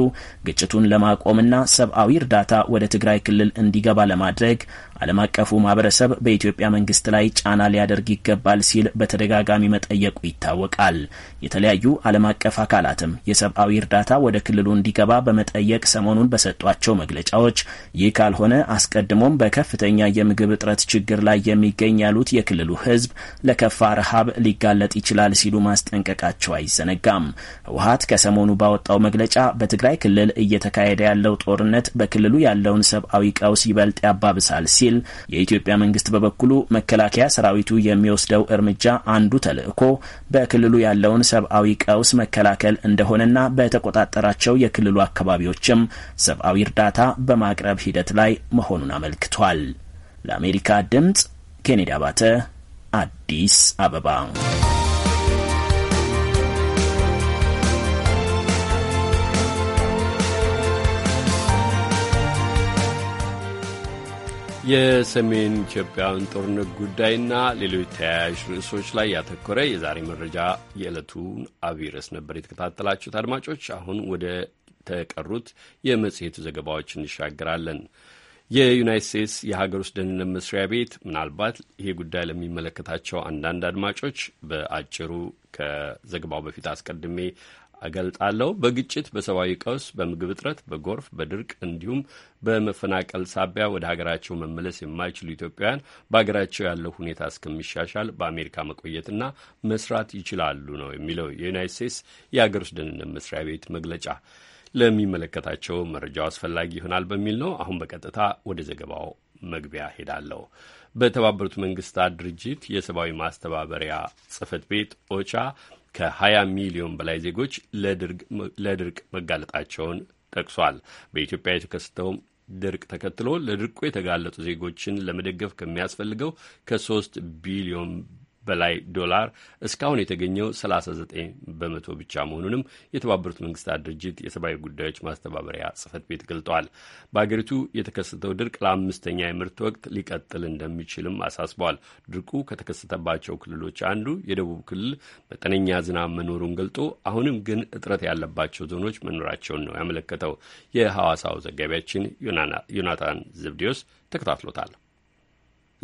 ግጭቱን ለማቆምና ሰብአዊ እርዳታ ወደ ትግራይ ክልል እንዲገባ ለማድረግ ዓለም አቀፉ ማህበረሰብ በኢትዮጵያ መንግስት ላይ ጫና ሊያደርግ ይገባል ሲል በተደጋጋሚ መጠየቁ ይታወቃል። የተለያዩ ዓለም አቀፍ አካላትም የሰብአዊ እርዳታ ወደ ክልሉ እንዲገባ በመጠየቅ ሰሞኑን በሰጧቸው መግለጫዎች ይህ ካልሆነ አስቀድሞም በከፍተኛ የምግብ እጥረት ችግር ላይ የሚገኝ ያሉት የክልሉ ህዝብ ለከፋ ረሃብ ሊጋለጥ ይችላል ሲሉ ማስጠንቀቃቸው አይዘነጋም። ህወሀት ከሰሞኑ ባወጣው መግለጫ በትግራይ ክልል እየተካሄደ ያለው ጦርነት በክልሉ ያለውን ሰብአዊ ቀውስ ይበልጥ ያባብሳል ሲል ሲል የኢትዮጵያ መንግስት በበኩሉ መከላከያ ሰራዊቱ የሚወስደው እርምጃ አንዱ ተልዕኮ በክልሉ ያለውን ሰብአዊ ቀውስ መከላከል እንደሆነና በተቆጣጠራቸው የክልሉ አካባቢዎችም ሰብአዊ እርዳታ በማቅረብ ሂደት ላይ መሆኑን አመልክቷል። ለአሜሪካ ድምጽ ኬኔዲ አባተ አዲስ አበባ የሰሜን ኢትዮጵያን ጦርነት ጉዳይና ሌሎች ተያያዥ ርዕሶች ላይ ያተኮረ የዛሬ መረጃ የዕለቱን አብይ ርዕስ ነበር የተከታተላችሁት አድማጮች። አሁን ወደ ተቀሩት የመጽሔቱ ዘገባዎች እንሻገራለን። የዩናይት ስቴትስ የሀገር ውስጥ ደህንነት መስሪያ ቤት ምናልባት ይሄ ጉዳይ ለሚመለከታቸው አንዳንድ አድማጮች በአጭሩ ከዘገባው በፊት አስቀድሜ እገልጣለሁ በግጭት፣ በሰብአዊ ቀውስ፣ በምግብ እጥረት፣ በጎርፍ፣ በድርቅ እንዲሁም በመፈናቀል ሳቢያ ወደ ሀገራቸው መመለስ የማይችሉ ኢትዮጵያውያን በሀገራቸው ያለው ሁኔታ እስከሚሻሻል በአሜሪካ መቆየትና መስራት ይችላሉ ነው የሚለው የዩናይት ስቴትስ የሀገር ውስጥ ደህንነት መስሪያ ቤት መግለጫ። ለሚመለከታቸው መረጃው አስፈላጊ ይሆናል በሚል ነው። አሁን በቀጥታ ወደ ዘገባው መግቢያ ሄዳለሁ። በተባበሩት መንግስታት ድርጅት የሰብአዊ ማስተባበሪያ ጽህፈት ቤት ኦቻ ከ20 ሚሊዮን በላይ ዜጎች ለድርቅ መጋለጣቸውን ጠቅሷል። በኢትዮጵያ የተከሰተውም ድርቅ ተከትሎ ለድርቁ የተጋለጡ ዜጎችን ለመደገፍ ከሚያስፈልገው ከ3 ቢሊዮን በላይ ዶላር እስካሁን የተገኘው 39 በመቶ ብቻ መሆኑንም የተባበሩት መንግስታት ድርጅት የሰብአዊ ጉዳዮች ማስተባበሪያ ጽህፈት ቤት ገልጧል። በአገሪቱ የተከሰተው ድርቅ ለአምስተኛ የምርት ወቅት ሊቀጥል እንደሚችልም አሳስበዋል። ድርቁ ከተከሰተባቸው ክልሎች አንዱ የደቡብ ክልል መጠነኛ ዝናብ መኖሩን ገልጦ አሁንም ግን እጥረት ያለባቸው ዞኖች መኖራቸውን ነው ያመለከተው። የሐዋሳው ዘጋቢያችን ዮናታን ዘብዲዮስ ተከታትሎታል።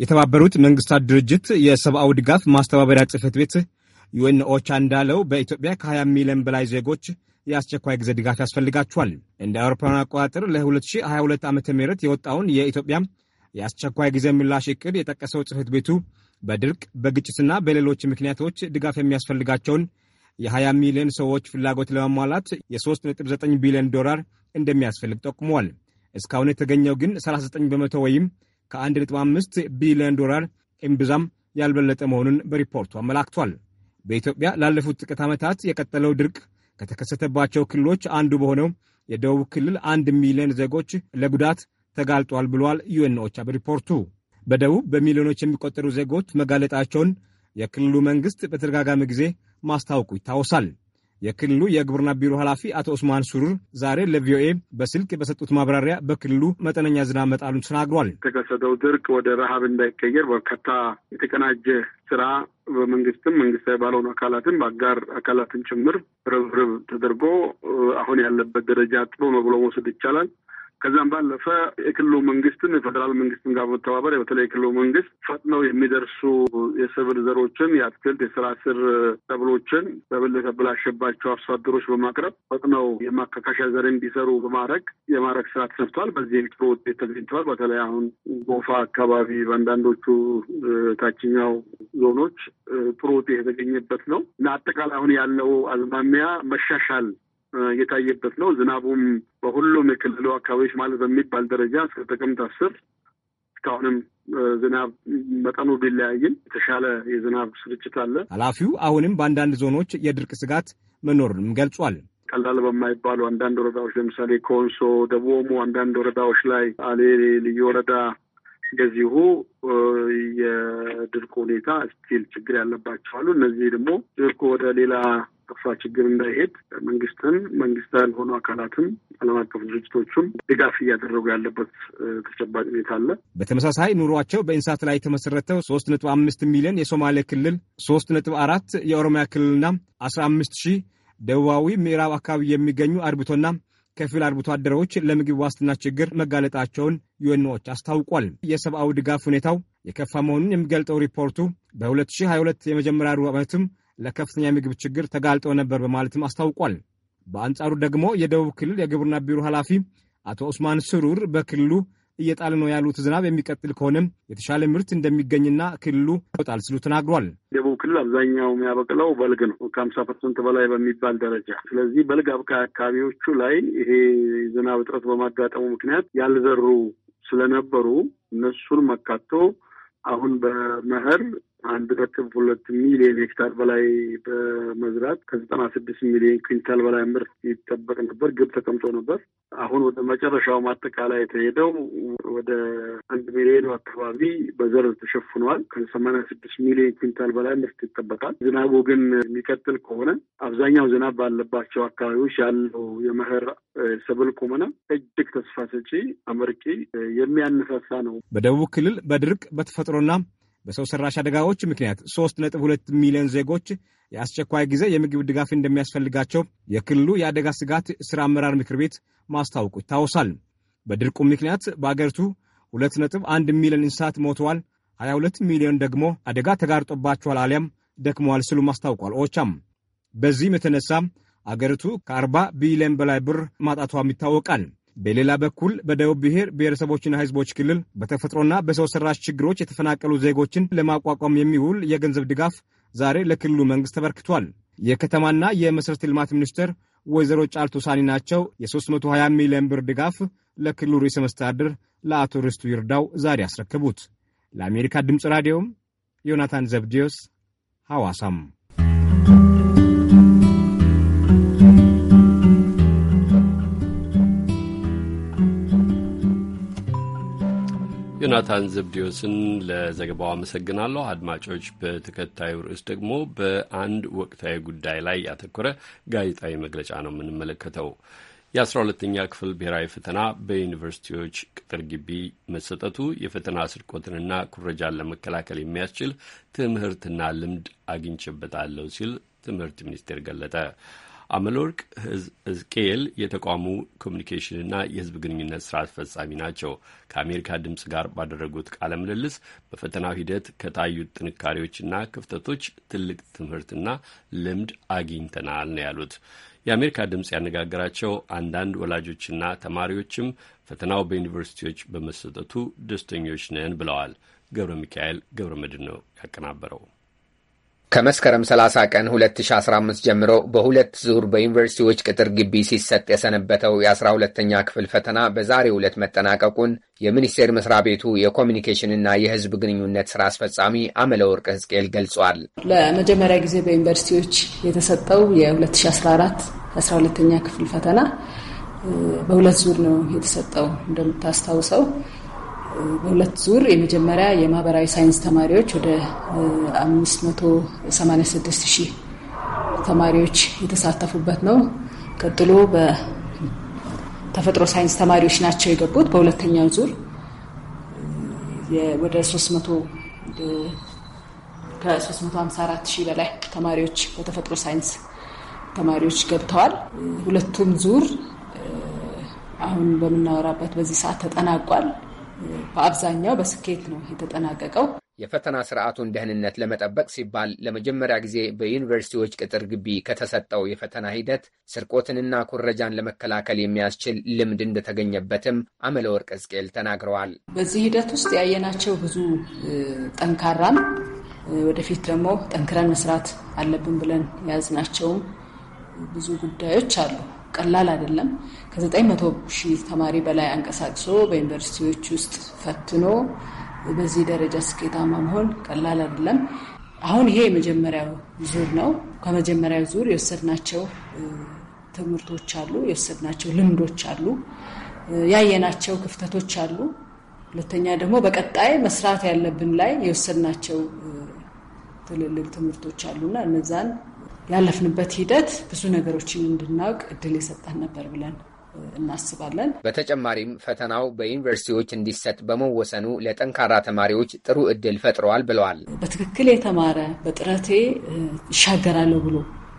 የተባበሩት መንግስታት ድርጅት የሰብአዊ ድጋፍ ማስተባበሪያ ጽህፈት ቤት ዩኤን ኦቻ እንዳለው በኢትዮጵያ ከ20 ሚሊዮን በላይ ዜጎች የአስቸኳይ ጊዜ ድጋፍ ያስፈልጋቸዋል። እንደ አውሮፓውያን አቆጣጠር ለ2022 ዓ ም የወጣውን የኢትዮጵያ የአስቸኳይ ጊዜ ምላሽ እቅድ የጠቀሰው ጽህፈት ቤቱ በድርቅ በግጭትና በሌሎች ምክንያቶች ድጋፍ የሚያስፈልጋቸውን የ20 ሚሊዮን ሰዎች ፍላጎት ለማሟላት የ3.9 ቢሊዮን ዶላር እንደሚያስፈልግ ጠቁመዋል። እስካሁን የተገኘው ግን 39 በመቶ ወይም ከ1.5 ቢሊዮን ዶላር እምብዛም ያልበለጠ መሆኑን በሪፖርቱ አመላክቷል። በኢትዮጵያ ላለፉት ጥቂት ዓመታት የቀጠለው ድርቅ ከተከሰተባቸው ክልሎች አንዱ በሆነው የደቡብ ክልል አንድ ሚሊዮን ዜጎች ለጉዳት ተጋልጧል ብሏል ዩኤን ኦቻ በሪፖርቱ። በደቡብ በሚሊዮኖች የሚቆጠሩ ዜጎች መጋለጣቸውን የክልሉ መንግሥት በተደጋጋሚ ጊዜ ማስታወቁ ይታወሳል። የክልሉ የግብርና ቢሮ ኃላፊ አቶ ኡስማን ሱሩር ዛሬ ለቪኦኤ በስልክ በሰጡት ማብራሪያ በክልሉ መጠነኛ ዝናብ መጣሉን ተናግሯል። የተከሰተው ድርቅ ወደ ረሃብ እንዳይቀየር በርካታ የተቀናጀ ስራ በመንግስትም መንግስታዊ ባልሆኑ አካላትም በአጋር አካላትን ጭምር ርብርብ ተደርጎ አሁን ያለበት ደረጃ ጥሩ ነው ብሎ መውሰድ ይቻላል። ከዚያም ባለፈ የክልሉ መንግስትም የፌደራል መንግስትም ጋር በተባበር በተለይ የክልሉ መንግስት ፈጥነው የሚደርሱ የሰብል ዘሮችን፣ የአትክልት የስራ ስር ሰብሎችን ሰብል የተበላሸባቸው አርሶ አደሮች በማቅረብ ፈጥነው የማካካሻ ዘር እንዲሰሩ በማድረግ የማድረግ ስራ ተሰርቷል። በዚህ ጥሩ ውጤት ተገኝተዋል። በተለይ አሁን ጎፋ አካባቢ በአንዳንዶቹ ታችኛው ዞኖች ጥሩ ውጤት የተገኘበት ነው እና አጠቃላይ አሁን ያለው አዝማሚያ መሻሻል የታየበት ነው። ዝናቡም በሁሉም የክልሉ አካባቢዎች ማለት በሚባል ደረጃ እስከ ጥቅምት አስር እስካሁንም ዝናብ መጠኑ ቢለያይም የተሻለ የዝናብ ስርጭት አለ። ኃላፊው አሁንም በአንዳንድ ዞኖች የድርቅ ስጋት መኖርንም ገልጿል። ቀላል በማይባሉ አንዳንድ ወረዳዎች ለምሳሌ ኮንሶ፣ ደቡብ ኦሞ አንዳንድ ወረዳዎች ላይ አሌ ልዩ ወረዳ እንደዚሁ የድርቅ ሁኔታ ስቲል ችግር ያለባቸዋሉ። እነዚህ ደግሞ ድርቁ ወደ ሌላ የጠፋ ችግር እንዳይሄድ መንግስትን መንግስት ያልሆኑ አካላትም ዓለም አቀፍ ድርጅቶቹም ድጋፍ እያደረጉ ያለበት ተጨባጭ ሁኔታ አለ። በተመሳሳይ ኑሯቸው በእንስሳት ላይ የተመሰረተው ሶስት ነጥብ አምስት ሚሊዮን የሶማሌ ክልል ሶስት ነጥብ አራት የኦሮሚያ ክልልና አስራ አምስት ሺህ ደቡባዊ ምዕራብ አካባቢ የሚገኙ አርብቶና ከፊል አርብቶ አደሮች ለምግብ ዋስትና ችግር መጋለጣቸውን ዩኤንኦች አስታውቋል። የሰብአዊ ድጋፍ ሁኔታው የከፋ መሆኑን የሚገልጠው ሪፖርቱ በ2022 የመጀመሪያ ሩብ ዓመትም ለከፍተኛ የምግብ ችግር ተጋልጠው ነበር በማለትም አስታውቋል። በአንጻሩ ደግሞ የደቡብ ክልል የግብርና ቢሮ ኃላፊ አቶ ኡስማን ስሩር በክልሉ እየጣለ ነው ያሉት ዝናብ የሚቀጥል ከሆነም የተሻለ ምርት እንደሚገኝና ክልሉ ይወጣል ሲሉ ተናግሯል። ደቡብ ክልል አብዛኛው የሚያበቅለው በልግ ነው ከሀምሳ ፐርሰንት በላይ በሚባል ደረጃ። ስለዚህ በልግ አብቃይ አካባቢዎቹ ላይ ይሄ ዝናብ እጥረት በማጋጠሙ ምክንያት ያልዘሩ ስለነበሩ እነሱን መካቶ አሁን በመኸር አንድ ነጥብ ሁለት ሚሊዮን ሄክታር በላይ በመዝራት ከዘጠና ስድስት ሚሊዮን ኩንታል በላይ ምርት ይጠበቅ ነበር። ግብ ተቀምጦ ነበር። አሁን ወደ መጨረሻው አጠቃላይ የተሄደው ወደ አንድ ሚሊዮን አካባቢ በዘር ተሸፍኗል። ከሰማንያ ስድስት ሚሊዮን ኩንታል በላይ ምርት ይጠበቃል። ዝናቡ ግን የሚቀጥል ከሆነ አብዛኛው ዝናብ ባለባቸው አካባቢዎች ያለው የመኸር ሰብል ቁመና እጅግ ተስፋ ሰጪ፣ አመርቂ፣ የሚያነሳሳ ነው። በደቡብ ክልል በድርቅ በተፈጥሮና በሰው ሰራሽ አደጋዎች ምክንያት 3.2 ሚሊዮን ዜጎች የአስቸኳይ ጊዜ የምግብ ድጋፍ እንደሚያስፈልጋቸው የክልሉ የአደጋ ስጋት ሥራ አመራር ምክር ቤት ማስታወቁ ይታወሳል። በድርቁ ምክንያት በአገሪቱ 2.1 ሚሊዮን እንስሳት ሞተዋል፣ 22 ሚሊዮን ደግሞ አደጋ ተጋርጦባቸዋል አሊያም ደክመዋል ሲሉ ማስታውቋል። ኦቻም በዚህም የተነሳ አገሪቱ ከ40 ቢሊዮን በላይ ብር ማጣቷም ይታወቃል። በሌላ በኩል በደቡብ ብሔር ብሔረሰቦችና ሕዝቦች ክልል በተፈጥሮና በሰው ሰራሽ ችግሮች የተፈናቀሉ ዜጎችን ለማቋቋም የሚውል የገንዘብ ድጋፍ ዛሬ ለክልሉ መንግስት ተበርክቷል። የከተማና የመሠረተ ልማት ሚኒስትር ወይዘሮ ጫልቱ ሳኒ ናቸው። የ320 ሚሊዮን ብር ድጋፍ ለክልሉ ርዕሰ መስተዳድር ለአቶ ርስቱ ይርዳው ዛሬ ያስረከቡት። ለአሜሪካ ድምፅ ራዲዮም ዮናታን ዘብዲዮስ ሐዋሳም ዮናታን ዘብዲዮስን ለዘገባው አመሰግናለሁ። አድማጮች፣ በተከታዩ ርዕስ ደግሞ በአንድ ወቅታዊ ጉዳይ ላይ ያተኮረ ጋዜጣዊ መግለጫ ነው የምንመለከተው። የአስራ ሁለተኛ ክፍል ብሔራዊ ፈተና በዩኒቨርሲቲዎች ቅጥር ግቢ መሰጠቱ የፈተና ስርቆትንና ኩረጃን ለመከላከል የሚያስችል ትምህርትና ልምድ አግኝቼበታለሁ ሲል ትምህርት ሚኒስቴር ገለጠ። አመለወርቅ ሕዝቅኤል የተቋሙ ኮሚኒኬሽንና የህዝብ ግንኙነት ስራ አስፈጻሚ ናቸው። ከአሜሪካ ድምፅ ጋር ባደረጉት ቃለ ምልልስ በፈተናው ሂደት ከታዩት ጥንካሬዎችና ክፍተቶች ትልቅ ትምህርትና ልምድ አግኝተናል ነው ያሉት። የአሜሪካ ድምፅ ያነጋገራቸው አንዳንድ ወላጆችና ተማሪዎችም ፈተናው በዩኒቨርሲቲዎች በመሰጠቱ ደስተኞች ነን ብለዋል። ገብረ ሚካኤል ገብረ መድን ነው ያቀናበረው። ከመስከረም 30 ቀን 2015 ጀምሮ በሁለት ዙር በዩኒቨርሲቲዎች ቅጥር ግቢ ሲሰጥ የሰነበተው የ12ተኛ ክፍል ፈተና በዛሬው ዕለት መጠናቀቁን የሚኒስቴር መስሪያ ቤቱ የኮሚኒኬሽንና የሕዝብ ግንኙነት ስራ አስፈጻሚ አመለወርቅ ህዝቅኤል ገልጿል። ለመጀመሪያ ጊዜ በዩኒቨርሲቲዎች የተሰጠው የ 2014 የ12ተኛ ክፍል ፈተና በሁለት ዙር ነው የተሰጠው እንደምታስታውሰው በሁለት ዙር የመጀመሪያ የማህበራዊ ሳይንስ ተማሪዎች ወደ 586 ሺህ ተማሪዎች የተሳተፉበት ነው። ቀጥሎ በተፈጥሮ ሳይንስ ተማሪዎች ናቸው የገቡት። በሁለተኛው ዙር ወደ 300 ከ354 ሺህ በላይ ተማሪዎች በተፈጥሮ ሳይንስ ተማሪዎች ገብተዋል። ሁለቱም ዙር አሁን በምናወራበት በዚህ ሰዓት ተጠናቋል። በአብዛኛው በስኬት ነው የተጠናቀቀው። የፈተና ስርዓቱን ደህንነት ለመጠበቅ ሲባል ለመጀመሪያ ጊዜ በዩኒቨርሲቲዎች ቅጥር ግቢ ከተሰጠው የፈተና ሂደት ስርቆትንና ኩረጃን ለመከላከል የሚያስችል ልምድ እንደተገኘበትም አመለ ወርቅ ሕዝቅኤል ተናግረዋል። በዚህ ሂደት ውስጥ ያየናቸው ብዙ ጠንካራም ወደፊት ደግሞ ጠንክረን መስራት አለብን ብለን የያዝናቸውም ብዙ ጉዳዮች አሉ። ቀላል አይደለም። ከዘጠኝ መቶ ሺህ ተማሪ በላይ አንቀሳቅሶ በዩኒቨርሲቲዎች ውስጥ ፈትኖ በዚህ ደረጃ ስኬታማ መሆን ቀላል አይደለም። አሁን ይሄ የመጀመሪያው ዙር ነው። ከመጀመሪያው ዙር የወሰድናቸው ትምህርቶች አሉ፣ የወሰድናቸው ልምዶች አሉ፣ ያየናቸው ክፍተቶች አሉ። ሁለተኛ ደግሞ በቀጣይ መስራት ያለብን ላይ የወሰድናቸው ትልልቅ ትምህርቶች አሉና እነዛን ያለፍንበት ሂደት ብዙ ነገሮችን እንድናውቅ እድል የሰጠን ነበር ብለን እናስባለን። በተጨማሪም ፈተናው በዩኒቨርሲቲዎች እንዲሰጥ በመወሰኑ ለጠንካራ ተማሪዎች ጥሩ እድል ፈጥረዋል ብለዋል። በትክክል የተማረ በጥረቴ ይሻገራለሁ ብሎ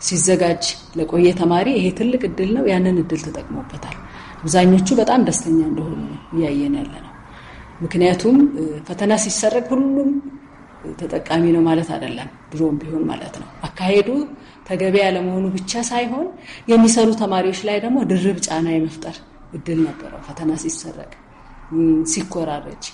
ሲዘጋጅ ለቆየ ተማሪ ይሄ ትልቅ እድል ነው። ያንን እድል ተጠቅሞበታል። አብዛኞቹ በጣም ደስተኛ እንደሆኑ እያየን ያለ ነው። ምክንያቱም ፈተና ሲሰረቅ ሁሉም ተጠቃሚ ነው ማለት አይደለም። ድሮም ቢሆን ማለት ነው አካሄዱ ተገቢ ያለመሆኑ ብቻ ሳይሆን የሚሰሩ ተማሪዎች ላይ ደግሞ ድርብ ጫና የመፍጠር እድል ነበረው። ፈተና ሲሰረቅ፣ ሲኮራረጅ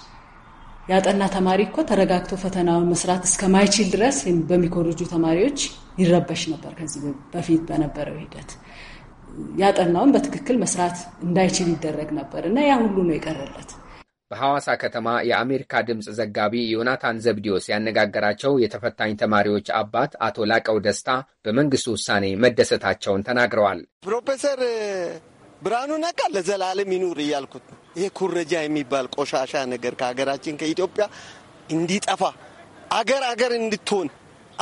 ያጠና ተማሪ እኮ ተረጋግቶ ፈተናውን መስራት እስከማይችል ድረስ በሚኮርጁ ተማሪዎች ይረበሽ ነበር። ከዚህ በፊት በነበረው ሂደት ያጠናውን በትክክል መስራት እንዳይችል ይደረግ ነበር እና ያ ሁሉ ነው የቀረለት። በሐዋሳ ከተማ የአሜሪካ ድምፅ ዘጋቢ ዮናታን ዘብዲዮስ ያነጋገራቸው የተፈታኝ ተማሪዎች አባት አቶ ላቀው ደስታ በመንግስቱ ውሳኔ መደሰታቸውን ተናግረዋል። ፕሮፌሰር ብርሃኑ ነጋ ለዘላለም ይኑር እያልኩት ይህ ኩረጃ የሚባል ቆሻሻ ነገር ከሀገራችን ከኢትዮጵያ እንዲጠፋ አገር አገር እንድትሆን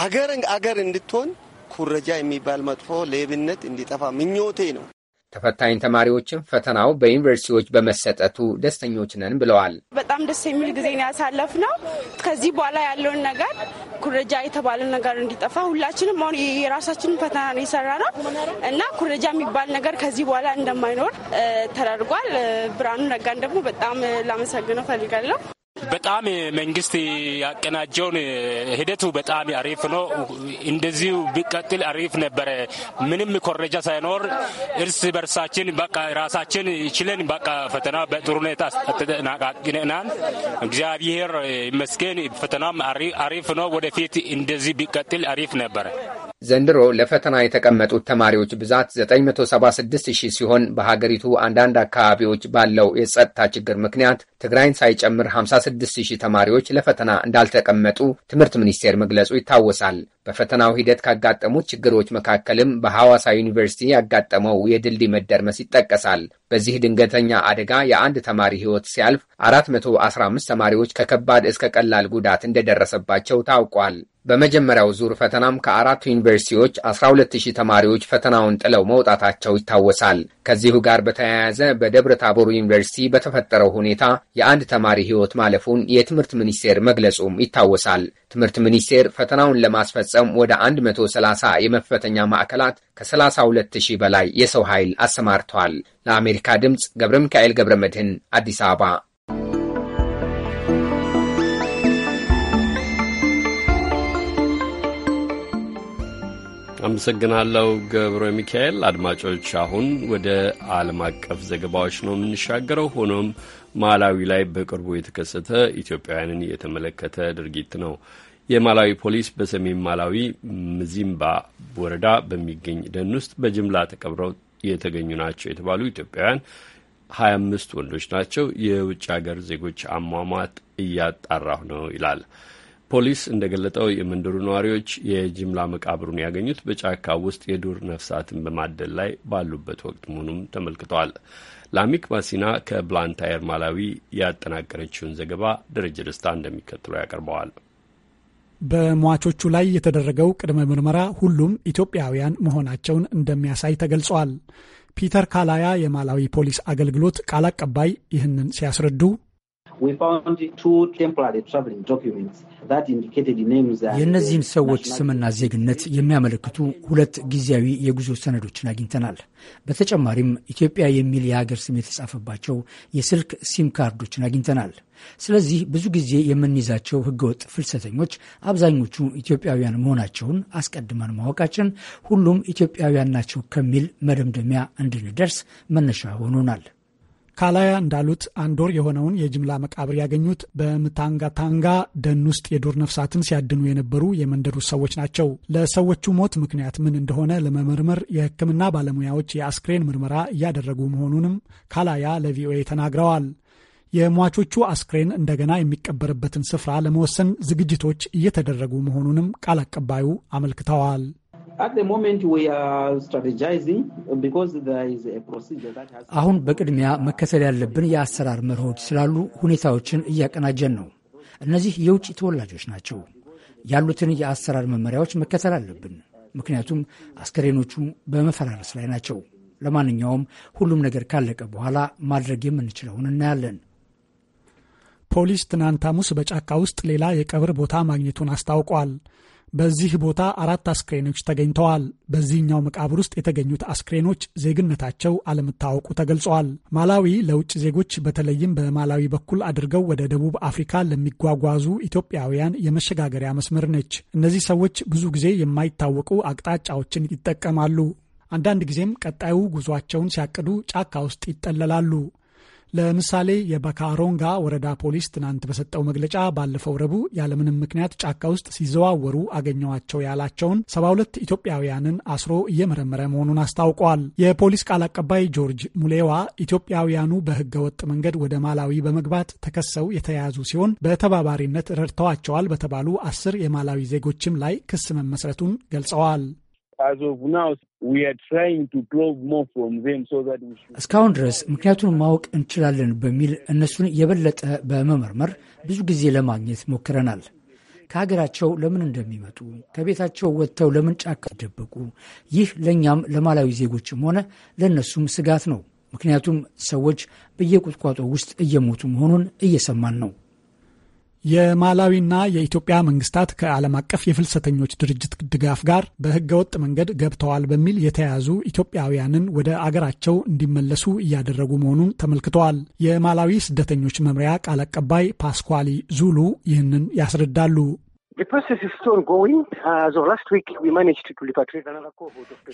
አገር አገር እንድትሆን ኩረጃ የሚባል መጥፎ ሌብነት እንዲጠፋ ምኞቴ ነው። ተፈታኝ ተማሪዎችም ፈተናው በዩኒቨርሲቲዎች በመሰጠቱ ደስተኞች ነን ብለዋል። በጣም ደስ የሚል ጊዜን ያሳለፍ ነው። ከዚህ በኋላ ያለውን ነገር ኩረጃ የተባለ ነገር እንዲጠፋ ሁላችንም አሁን የራሳችንን ፈተና ነው የሰራ ነው እና ኩረጃ የሚባል ነገር ከዚህ በኋላ እንደማይኖር ተደርጓል። ብርሃኑ ነጋን ደግሞ በጣም ላመሰግነው ፈልጋለሁ። በጣም መንግስት ያቀናጀውን ሂደቱ በጣም አሪፍ ነው። እንደዚሁ ቢቀጥል አሪፍ ነበረ። ምንም ኮረጃ ሳይኖር እርስ በርሳችን በቃ ራሳችን ችለን በቃ ፈተና በጥሩ ሁኔታ እግዚአብሔር ይመስገን። ፈተናም አሪፍ ነው። ወደፊት እንደዚህ ቢቀጥል አሪፍ ነበረ። ዘንድሮ ለፈተና የተቀመጡት ተማሪዎች ብዛት 976 ሺህ ሲሆን በሀገሪቱ አንዳንድ አካባቢዎች ባለው የጸጥታ ችግር ምክንያት ትግራይን ሳይጨምር 56 ሺህ ተማሪዎች ለፈተና እንዳልተቀመጡ ትምህርት ሚኒስቴር መግለጹ ይታወሳል። በፈተናው ሂደት ካጋጠሙት ችግሮች መካከልም በሐዋሳ ዩኒቨርሲቲ ያጋጠመው የድልድይ መደርመስ ይጠቀሳል። በዚህ ድንገተኛ አደጋ የአንድ ተማሪ ሕይወት ሲያልፍ 415 ተማሪዎች ከከባድ እስከ ቀላል ጉዳት እንደደረሰባቸው ታውቋል። በመጀመሪያው ዙር ፈተናም ከአራቱ ዩኒቨርሲቲዎች 120 ተማሪዎች ፈተናውን ጥለው መውጣታቸው ይታወሳል። ከዚሁ ጋር በተያያዘ በደብረ ታቦር ዩኒቨርሲቲ በተፈጠረው ሁኔታ የአንድ ተማሪ ሕይወት ማለፉን የትምህርት ሚኒስቴር መግለጹም ይታወሳል። ትምህርት ሚኒስቴር ፈተናውን ለማስፈጸም ወደ 130 የመፈተኛ ማዕከላት ከ 32000 ሺህ በላይ የሰው ኃይል አሰማርተዋል። ለአሜሪካ ድምፅ ገብረ ሚካኤል ገብረ መድህን አዲስ አበባ። አመሰግናለሁ ገብረ ሚካኤል። አድማጮች፣ አሁን ወደ ዓለም አቀፍ ዘገባዎች ነው የምንሻገረው። ሆኖም ማላዊ ላይ በቅርቡ የተከሰተ ኢትዮጵያውያንን የተመለከተ ድርጊት ነው። የማላዊ ፖሊስ በሰሜን ማላዊ ምዚምባ ወረዳ በሚገኝ ደን ውስጥ በጅምላ ተቀብረው የተገኙ ናቸው የተባሉ ኢትዮጵያውያን ሀያ አምስት ወንዶች ናቸው። የውጭ ሀገር ዜጎች አሟሟት እያጣራሁ ነው ይላል። ፖሊስ እንደገለጠው የመንደሩ ነዋሪዎች የጅምላ መቃብሩን ያገኙት በጫካ ውስጥ የዱር ነፍሳትን በማደል ላይ ባሉበት ወቅት መሆኑም ተመልክተዋል። ላሚክ ማሲና ከብላንታየር ማላዊ ያጠናቀረችውን ዘገባ ደረጀ ደስታ እንደሚከትለው ያቀርበዋል። በሟቾቹ ላይ የተደረገው ቅድመ ምርመራ ሁሉም ኢትዮጵያውያን መሆናቸውን እንደሚያሳይ ተገልጿል። ፒተር ካላያ የማላዊ ፖሊስ አገልግሎት ቃል አቀባይ ይህንን ሲያስረዱ የእነዚህን ሰዎች ስምና ዜግነት የሚያመለክቱ ሁለት ጊዜያዊ የጉዞ ሰነዶችን አግኝተናል። በተጨማሪም ኢትዮጵያ የሚል የሀገር ስም የተጻፈባቸው የስልክ ሲም ካርዶችን አግኝተናል። ስለዚህ ብዙ ጊዜ የምንይዛቸው ህገወጥ ፍልሰተኞች አብዛኞቹ ኢትዮጵያውያን መሆናቸውን አስቀድመን ማወቃችን ሁሉም ኢትዮጵያውያን ናቸው ከሚል መደምደሚያ እንድንደርስ መነሻ ሆኖናል። ካላያ እንዳሉት አንድ ወር የሆነውን የጅምላ መቃብር ያገኙት በምታንጋታንጋ ደን ውስጥ የዱር ነፍሳትን ሲያድኑ የነበሩ የመንደሩ ሰዎች ናቸው። ለሰዎቹ ሞት ምክንያት ምን እንደሆነ ለመመርመር የሕክምና ባለሙያዎች የአስክሬን ምርመራ እያደረጉ መሆኑንም ካላያ ለቪኦኤ ተናግረዋል። የሟቾቹ አስክሬን እንደገና የሚቀበርበትን ስፍራ ለመወሰን ዝግጅቶች እየተደረጉ መሆኑንም ቃል አቀባዩ አመልክተዋል። አሁን በቅድሚያ መከተል ያለብን የአሰራር መርሆች ስላሉ ሁኔታዎችን እያቀናጀን ነው። እነዚህ የውጭ ተወላጆች ናቸው። ያሉትን የአሰራር መመሪያዎች መከተል አለብን፣ ምክንያቱም አስከሬኖቹ በመፈራረስ ላይ ናቸው። ለማንኛውም ሁሉም ነገር ካለቀ በኋላ ማድረግ የምንችለውን እናያለን። ፖሊስ ትናንት ሐሙስ በጫካ ውስጥ ሌላ የቀብር ቦታ ማግኘቱን አስታውቋል። በዚህ ቦታ አራት አስክሬኖች ተገኝተዋል። በዚህኛው መቃብር ውስጥ የተገኙት አስክሬኖች ዜግነታቸው አለመታወቁ ተገልጸዋል። ማላዊ ለውጭ ዜጎች በተለይም በማላዊ በኩል አድርገው ወደ ደቡብ አፍሪካ ለሚጓጓዙ ኢትዮጵያውያን የመሸጋገሪያ መስመር ነች። እነዚህ ሰዎች ብዙ ጊዜ የማይታወቁ አቅጣጫዎችን ይጠቀማሉ። አንዳንድ ጊዜም ቀጣዩ ጉዟቸውን ሲያቅዱ ጫካ ውስጥ ይጠለላሉ። ለምሳሌ የባካሮንጋ ወረዳ ፖሊስ ትናንት በሰጠው መግለጫ ባለፈው ረቡዕ ያለምንም ምክንያት ጫካ ውስጥ ሲዘዋወሩ አገኘዋቸው ያላቸውን 72 ኢትዮጵያውያንን አስሮ እየመረመረ መሆኑን አስታውቋል። የፖሊስ ቃል አቀባይ ጆርጅ ሙሌዋ ኢትዮጵያውያኑ በህገ ወጥ መንገድ ወደ ማላዊ በመግባት ተከሰው የተያያዙ ሲሆን በተባባሪነት ረድተዋቸዋል በተባሉ አስር የማላዊ ዜጎችም ላይ ክስ መመስረቱን ገልጸዋል። እስካሁን ድረስ ምክንያቱን ማወቅ እንችላለን በሚል እነሱን የበለጠ በመመርመር ብዙ ጊዜ ለማግኘት ሞክረናል። ከሀገራቸው ለምን እንደሚመጡ፣ ከቤታቸው ወጥተው ለምን ጫካ ደበቁ ይህ ለእኛም ለማላዊ ዜጎችም ሆነ ለእነሱም ስጋት ነው። ምክንያቱም ሰዎች በየቁጥቋጦ ውስጥ እየሞቱ መሆኑን እየሰማን ነው። የማላዊና የኢትዮጵያ መንግስታት ከዓለም አቀፍ የፍልሰተኞች ድርጅት ድጋፍ ጋር በህገወጥ መንገድ ገብተዋል በሚል የተያዙ ኢትዮጵያውያንን ወደ አገራቸው እንዲመለሱ እያደረጉ መሆኑን ተመልክተዋል። የማላዊ ስደተኞች መምሪያ ቃል አቀባይ ፓስኳሊ ዙሉ ይህንን ያስረዳሉ።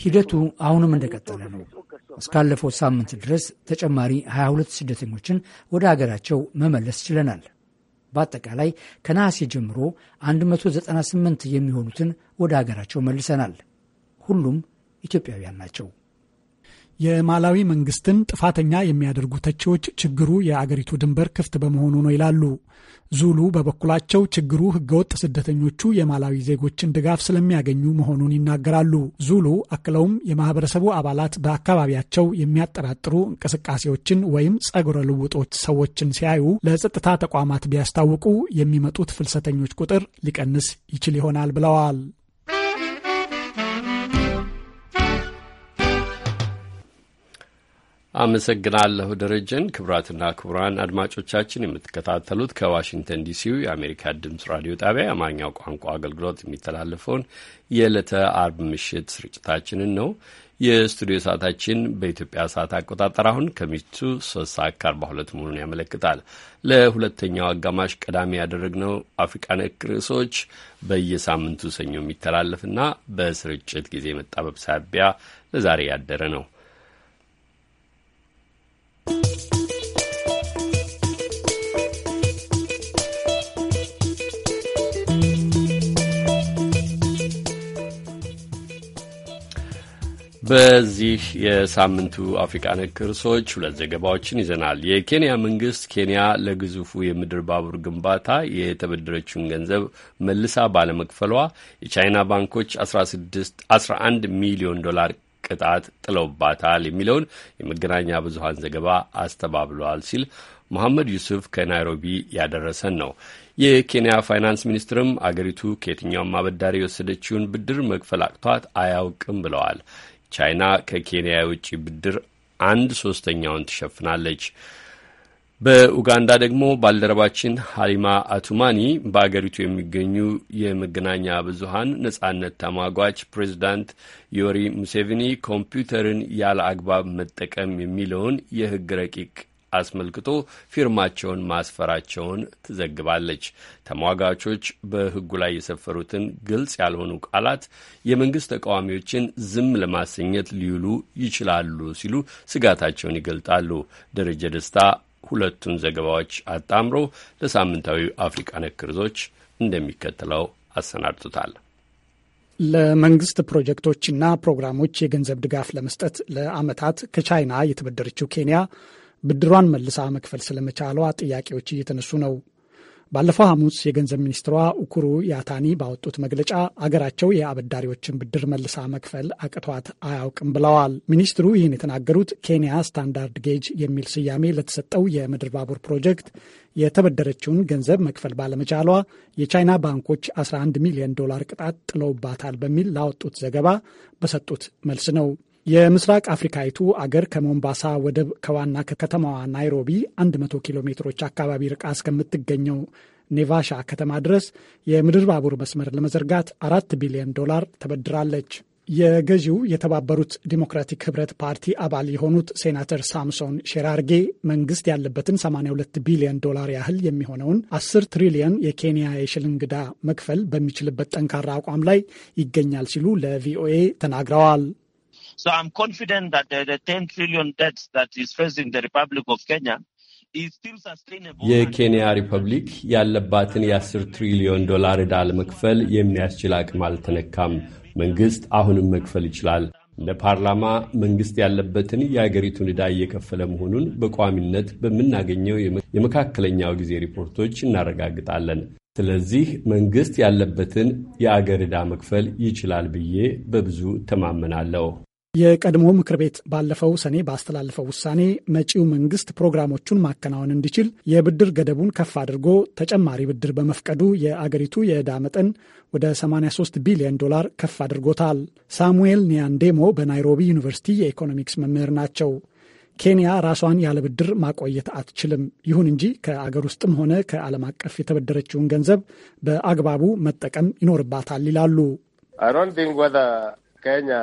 ሂደቱ አሁንም እንደቀጠለ ነው። እስካለፈው ሳምንት ድረስ ተጨማሪ 22 ስደተኞችን ወደ አገራቸው መመለስ ችለናል። በአጠቃላይ ከነሐሴ ጀምሮ 198 የሚሆኑትን ወደ ሀገራቸው መልሰናል። ሁሉም ኢትዮጵያውያን ናቸው። የማላዊ መንግስትን ጥፋተኛ የሚያደርጉ ተቺዎች ችግሩ የአገሪቱ ድንበር ክፍት በመሆኑ ነው ይላሉ። ዙሉ በበኩላቸው ችግሩ ህገወጥ ስደተኞቹ የማላዊ ዜጎችን ድጋፍ ስለሚያገኙ መሆኑን ይናገራሉ። ዙሉ አክለውም የማህበረሰቡ አባላት በአካባቢያቸው የሚያጠራጥሩ እንቅስቃሴዎችን ወይም ጸጉረ ልውጦች ሰዎችን ሲያዩ ለጸጥታ ተቋማት ቢያስታውቁ የሚመጡት ፍልሰተኞች ቁጥር ሊቀንስ ይችል ይሆናል ብለዋል። አመሰግናለሁ ደረጀን። ክቡራትና ክቡራን አድማጮቻችን የምትከታተሉት ከዋሽንግተን ዲሲው የአሜሪካ ድምፅ ራዲዮ ጣቢያ የአማርኛው ቋንቋ አገልግሎት የሚተላለፈውን የዕለተ አርብ ምሽት ስርጭታችንን ነው። የስቱዲዮ ሰዓታችን በኢትዮጵያ ሰዓት አቆጣጠር አሁን ከምሽቱ ሶስት ሰዓት ከአርባ ሁለት መሆኑን ያመለክታል። ለሁለተኛው አጋማሽ ቀዳሚ ያደረግነው አፍሪቃ ነክ ርዕሶች በየሳምንቱ ሰኞ የሚተላለፍና በስርጭት ጊዜ መጣበብ ሳቢያ ለዛሬ ያደረ ነው። በዚህ የሳምንቱ አፍሪቃ ነክ ርዕሶች ሁለት ዘገባዎችን ይዘናል። የኬንያ መንግስት ኬንያ ለግዙፉ የምድር ባቡር ግንባታ የተበደረችውን ገንዘብ መልሳ ባለመክፈሏ የቻይና ባንኮች 11 ሚሊዮን ዶላር ቅጣት ጥለውባታል የሚለውን የመገናኛ ብዙሀን ዘገባ አስተባብለዋል ሲል መሐመድ ዩሱፍ ከናይሮቢ ያደረሰን ነው። የኬንያ ፋይናንስ ሚኒስትርም አገሪቱ ከየትኛውም አበዳሪ የወሰደችውን ብድር መክፈል አቅቷት አያውቅም ብለዋል። ቻይና ከኬንያ የውጭ ብድር አንድ ሶስተኛውን ትሸፍናለች። በኡጋንዳ ደግሞ ባልደረባችን ሀሊማ አቱማኒ በአገሪቱ የሚገኙ የመገናኛ ብዙሀን ነጻነት ተሟጓች ፕሬዚዳንት ዮሪ ሙሴቪኒ ኮምፒውተርን ያለ አግባብ መጠቀም የሚለውን የህግ ረቂቅ አስመልክቶ ፊርማቸውን ማስፈራቸውን ትዘግባለች። ተሟጋቾች በሕጉ ላይ የሰፈሩትን ግልጽ ያልሆኑ ቃላት የመንግስት ተቃዋሚዎችን ዝም ለማሰኘት ሊውሉ ይችላሉ ሲሉ ስጋታቸውን ይገልጣሉ። ደረጀ ደስታ ሁለቱን ዘገባዎች አጣምሮ ለሳምንታዊ አፍሪቃ ነክርዞች እንደሚከተለው አሰናድቶታል። ለመንግስት ፕሮጀክቶችና ፕሮግራሞች የገንዘብ ድጋፍ ለመስጠት ለዓመታት ከቻይና የተበደረችው ኬንያ ብድሯን መልሳ መክፈል ስለመቻሏ ጥያቄዎች እየተነሱ ነው። ባለፈው ሐሙስ የገንዘብ ሚኒስትሯ ኡኩሩ ያታኒ ባወጡት መግለጫ አገራቸው የአበዳሪዎችን ብድር መልሳ መክፈል አቅቷት አያውቅም ብለዋል። ሚኒስትሩ ይህን የተናገሩት ኬንያ ስታንዳርድ ጌጅ የሚል ስያሜ ለተሰጠው የምድር ባቡር ፕሮጀክት የተበደረችውን ገንዘብ መክፈል ባለመቻሏ የቻይና ባንኮች 11 ሚሊዮን ዶላር ቅጣት ጥለውባታል በሚል ላወጡት ዘገባ በሰጡት መልስ ነው። የምስራቅ አፍሪካዊቱ አገር ከሞምባሳ ወደብ ከዋና ከተማዋ ናይሮቢ 100 ኪሎ ሜትሮች አካባቢ ርቃ እስከምትገኘው ኔቫሻ ከተማ ድረስ የምድር ባቡር መስመር ለመዘርጋት አራት ቢሊዮን ዶላር ተበድራለች። የገዢው የተባበሩት ዲሞክራቲክ ህብረት ፓርቲ አባል የሆኑት ሴናተር ሳምሶን ሼራርጌ መንግስት ያለበትን 82 ቢሊዮን ዶላር ያህል የሚሆነውን 10 ትሪሊዮን የኬንያ የሽልንግ ዕዳ መክፈል በሚችልበት ጠንካራ አቋም ላይ ይገኛል ሲሉ ለቪኦኤ ተናግረዋል። So I'm confident that the, the 10 trillion debt that is facing the Republic of Kenya የኬንያ ሪፐብሊክ ያለባትን የ10 ትሪሊዮን ዶላር ዕዳ ለመክፈል የሚያስችል አቅም አልተነካም። መንግሥት አሁንም መክፈል ይችላል። እንደ ፓርላማ መንግሥት ያለበትን የአገሪቱን ዕዳ እየከፈለ መሆኑን በቋሚነት በምናገኘው የመካከለኛው ጊዜ ሪፖርቶች እናረጋግጣለን። ስለዚህ መንግሥት ያለበትን የአገር ዕዳ መክፈል ይችላል ብዬ በብዙ ተማመናለሁ። የቀድሞ ምክር ቤት ባለፈው ሰኔ ባስተላለፈው ውሳኔ መጪው መንግስት ፕሮግራሞቹን ማከናወን እንዲችል የብድር ገደቡን ከፍ አድርጎ ተጨማሪ ብድር በመፍቀዱ የአገሪቱ የዕዳ መጠን ወደ 83 ቢሊዮን ዶላር ከፍ አድርጎታል። ሳሙኤል ኒያንዴሞ በናይሮቢ ዩኒቨርሲቲ የኢኮኖሚክስ መምህር ናቸው። ኬንያ ራሷን ያለ ብድር ማቆየት አትችልም። ይሁን እንጂ ከአገር ውስጥም ሆነ ከዓለም አቀፍ የተበደረችውን ገንዘብ በአግባቡ መጠቀም ይኖርባታል ይላሉ። ኬንያ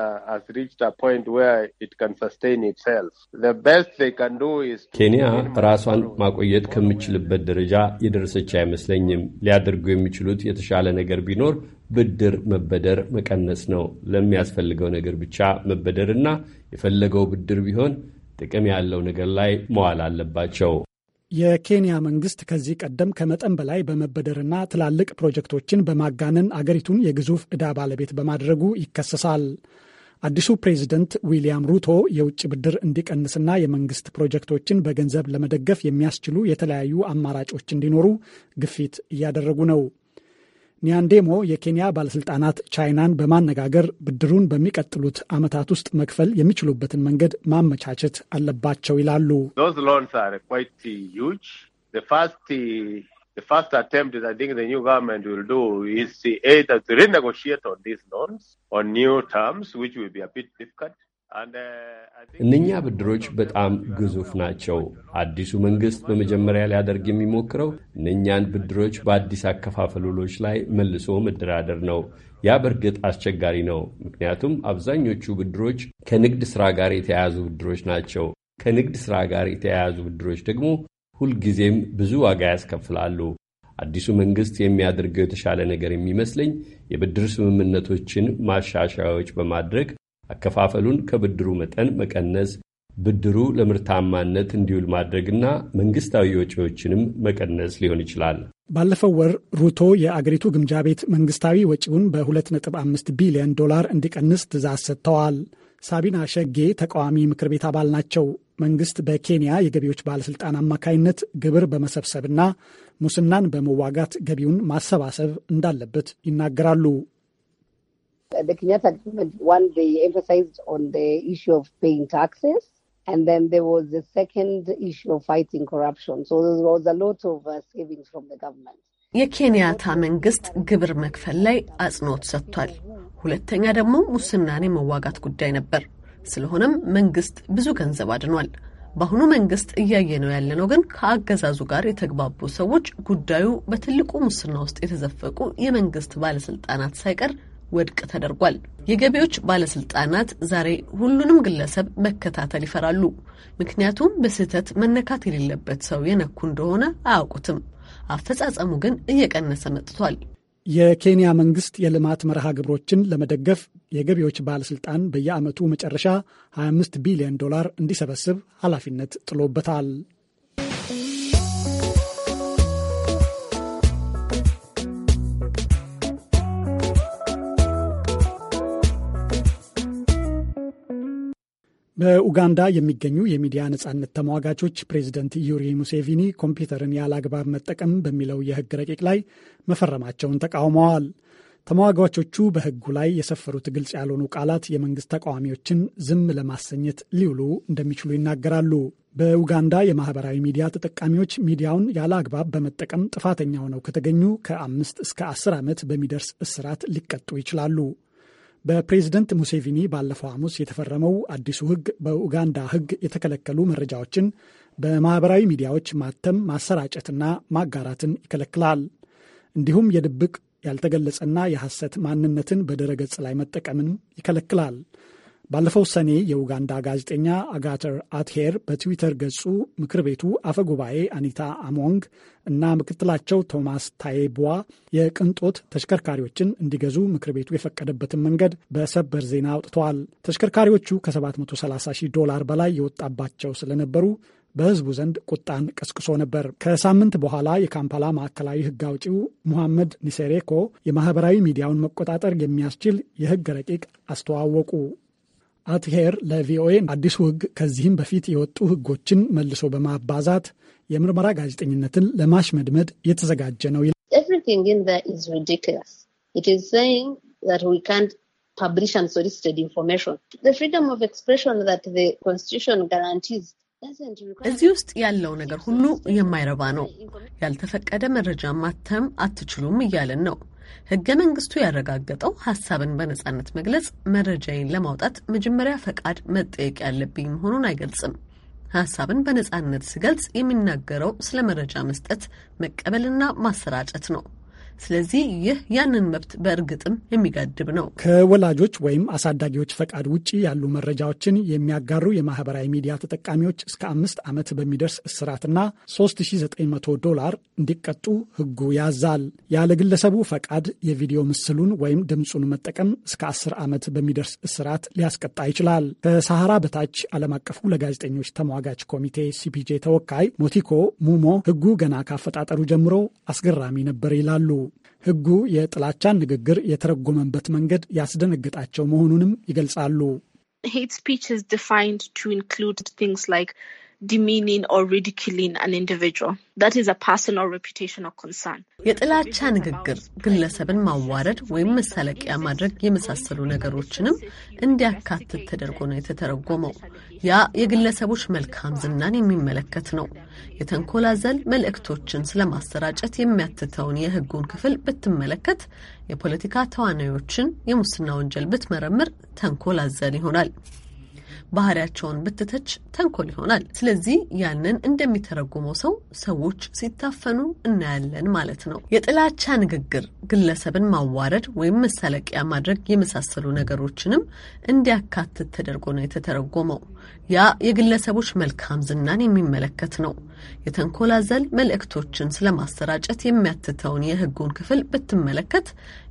ራሷን ማቆየት ከምችልበት ደረጃ የደረሰች አይመስለኝም። ሊያደርጉ የሚችሉት የተሻለ ነገር ቢኖር ብድር መበደር መቀነስ ነው። ለሚያስፈልገው ነገር ብቻ መበደርና የፈለገው ብድር ቢሆን ጥቅም ያለው ነገር ላይ መዋል አለባቸው። የኬንያ መንግስት ከዚህ ቀደም ከመጠን በላይ በመበደርና ትላልቅ ፕሮጀክቶችን በማጋነን አገሪቱን የግዙፍ ዕዳ ባለቤት በማድረጉ ይከሰሳል። አዲሱ ፕሬዚደንት ዊሊያም ሩቶ የውጭ ብድር እንዲቀንስና የመንግስት ፕሮጀክቶችን በገንዘብ ለመደገፍ የሚያስችሉ የተለያዩ አማራጮች እንዲኖሩ ግፊት እያደረጉ ነው። ኒያንዴሞ የኬንያ ባለስልጣናት ቻይናን በማነጋገር ብድሩን በሚቀጥሉት ዓመታት ውስጥ መክፈል የሚችሉበትን መንገድ ማመቻቸት አለባቸው ይላሉ። Uh, እነኛ ብድሮች በጣም ግዙፍ ናቸው። አዲሱ መንግስት በመጀመሪያ ሊያደርግ የሚሞክረው እነኛን ብድሮች በአዲስ አከፋፈል ውሎች ላይ መልሶ መደራደር ነው። ያ በእርግጥ አስቸጋሪ ነው፣ ምክንያቱም አብዛኞቹ ብድሮች ከንግድ ሥራ ጋር የተያያዙ ብድሮች ናቸው። ከንግድ ሥራ ጋር የተያያዙ ብድሮች ደግሞ ሁልጊዜም ብዙ ዋጋ ያስከፍላሉ። አዲሱ መንግስት የሚያደርገው የተሻለ ነገር የሚመስለኝ የብድር ስምምነቶችን ማሻሻያዎች በማድረግ አከፋፈሉን ከብድሩ መጠን መቀነስ፣ ብድሩ ለምርታማነት እንዲውል ማድረግና መንግስታዊ ወጪዎችንም መቀነስ ሊሆን ይችላል። ባለፈው ወር ሩቶ የአገሪቱ ግምጃ ቤት መንግስታዊ ወጪውን በ2.5 ቢሊዮን ዶላር እንዲቀንስ ትእዛዝ ሰጥተዋል። ሳቢና ሸጌ ተቃዋሚ ምክር ቤት አባል ናቸው። መንግስት በኬንያ የገቢዎች ባለሥልጣን አማካይነት ግብር በመሰብሰብና ሙስናን በመዋጋት ገቢውን ማሰባሰብ እንዳለበት ይናገራሉ። The Kenyatta agreement, one, they emphasized on the issue of paying taxes. And then there was the second issue of fighting corruption. So there was a lot of uh, savings from the government. የኬንያታ መንግስት ግብር መክፈል ላይ አጽንኦት ሰጥቷል። ሁለተኛ ደግሞ ሙስናን የመዋጋት ጉዳይ ነበር። ስለሆነም መንግስት ብዙ ገንዘብ አድኗል። በአሁኑ መንግስት እያየ እያየነው ያለነው ግን ከአገዛዙ ጋር የተግባቡ ሰዎች ጉዳዩ በትልቁ ሙስና ውስጥ የተዘፈቁ የመንግስት ባለስልጣናት ሳይቀር ውድቅ ተደርጓል። የገቢዎች ባለስልጣናት ዛሬ ሁሉንም ግለሰብ መከታተል ይፈራሉ። ምክንያቱም በስህተት መነካት የሌለበት ሰው የነኩ እንደሆነ አያውቁትም። አፈጻጸሙ ግን እየቀነሰ መጥቷል። የኬንያ መንግስት የልማት መርሃ ግብሮችን ለመደገፍ የገቢዎች ባለሥልጣን በየዓመቱ መጨረሻ 25 ቢሊዮን ዶላር እንዲሰበስብ ኃላፊነት ጥሎበታል። በኡጋንዳ የሚገኙ የሚዲያ ነጻነት ተሟጋቾች ፕሬዚደንት ዩሪ ሙሴቪኒ ኮምፒውተርን ያለ አግባብ መጠቀም በሚለው የህግ ረቂቅ ላይ መፈረማቸውን ተቃውመዋል። ተሟጋቾቹ በህጉ ላይ የሰፈሩት ግልጽ ያልሆኑ ቃላት የመንግስት ተቃዋሚዎችን ዝም ለማሰኘት ሊውሉ እንደሚችሉ ይናገራሉ። በኡጋንዳ የማህበራዊ ሚዲያ ተጠቃሚዎች ሚዲያውን ያለ አግባብ በመጠቀም ጥፋተኛ ሆነው ከተገኙ ከአምስት እስከ አስር ዓመት በሚደርስ እስራት ሊቀጡ ይችላሉ። በፕሬዝደንት ሙሴቪኒ ባለፈው ሐሙስ የተፈረመው አዲሱ ህግ በኡጋንዳ ህግ የተከለከሉ መረጃዎችን በማኅበራዊ ሚዲያዎች ማተም፣ ማሰራጨትና ማጋራትን ይከለክላል። እንዲሁም የድብቅ ያልተገለጸና የሐሰት ማንነትን በደረገጽ ላይ መጠቀምን ይከለክላል። ባለፈው ሰኔ የኡጋንዳ ጋዜጠኛ አጋተር አትሄር በትዊተር ገጹ ምክር ቤቱ አፈ ጉባኤ አኒታ አሞንግ እና ምክትላቸው ቶማስ ታይቧ የቅንጦት ተሽከርካሪዎችን እንዲገዙ ምክር ቤቱ የፈቀደበትን መንገድ በሰበር ዜና አውጥተዋል። ተሽከርካሪዎቹ ከ730 ዶላር በላይ የወጣባቸው ስለነበሩ በህዝቡ ዘንድ ቁጣን ቀስቅሶ ነበር። ከሳምንት በኋላ የካምፓላ ማዕከላዊ ህግ አውጪው ሙሐመድ ኒሴሬኮ የማህበራዊ ሚዲያውን መቆጣጠር የሚያስችል የህግ ረቂቅ አስተዋወቁ። አትሄር ለቪኦኤ አዲሱ ህግ ከዚህም በፊት የወጡ ህጎችን መልሶ በማባዛት የምርመራ ጋዜጠኝነትን ለማሽመድመድ የተዘጋጀ ነው። እዚህ ውስጥ ያለው ነገር ሁሉ የማይረባ ነው። ያልተፈቀደ መረጃ ማተም አትችሉም እያለን ነው። ህገ መንግስቱ ያረጋገጠው ሀሳብን በነጻነት መግለጽ መረጃዬን ለማውጣት መጀመሪያ ፈቃድ መጠየቅ ያለብኝ መሆኑን አይገልጽም። ሀሳብን በነጻነት ስገልጽ የሚናገረው ስለ መረጃ መስጠት መቀበልና ማሰራጨት ነው። ስለዚህ ይህ ያንን መብት በእርግጥም የሚገድብ ነው። ከወላጆች ወይም አሳዳጊዎች ፈቃድ ውጭ ያሉ መረጃዎችን የሚያጋሩ የማህበራዊ ሚዲያ ተጠቃሚዎች እስከ አምስት ዓመት በሚደርስ እስራትና 3900 ዶላር እንዲቀጡ ህጉ ያዛል። ያለ ግለሰቡ ፈቃድ የቪዲዮ ምስሉን ወይም ድምፁን መጠቀም እስከ 10 ዓመት በሚደርስ እስራት ሊያስቀጣ ይችላል። ከሳሐራ በታች ዓለም አቀፉ ለጋዜጠኞች ተሟጋች ኮሚቴ ሲፒጄ ተወካይ ሞቲኮ ሙሞ ህጉ ገና ካፈጣጠሩ ጀምሮ አስገራሚ ነበር ይላሉ። ሕጉ የጥላቻን ንግግር የተረጎመበት መንገድ ያስደነግጣቸው መሆኑንም ይገልጻሉ። hate speech is demeaning or ridiculing an individual. That is a personal reputational concern. የጥላቻ ንግግር ግለሰብን ማዋረድ ወይም መሳለቂያ ማድረግ የመሳሰሉ ነገሮችንም እንዲያካትት ተደርጎ ነው የተተረጎመው። ያ የግለሰቦች መልካም ዝናን የሚመለከት ነው። የተንኮላዘል መልእክቶችን ስለማሰራጨት የሚያትተውን የሕጉን ክፍል ብትመለከት የፖለቲካ ተዋናዮችን የሙስና ወንጀል ብትመረምር ተንኮላዘል ይሆናል። ባህሪያቸውን ብትተች ተንኮል ይሆናል። ስለዚህ ያንን እንደሚተረጉመው ሰው ሰዎች ሲታፈኑ እናያለን ማለት ነው። የጥላቻ ንግግር ግለሰብን ማዋረድ ወይም መሳለቂያ ማድረግ የመሳሰሉ ነገሮችንም እንዲያካትት ተደርጎ ነው የተተረጎመው። ያ የግለሰቦች መልካም ዝናን የሚመለከት ነው። የተንኮል አዘል መልእክቶችን ስለማሰራጨት የሚያትተውን የሕጉን ክፍል ብትመለከት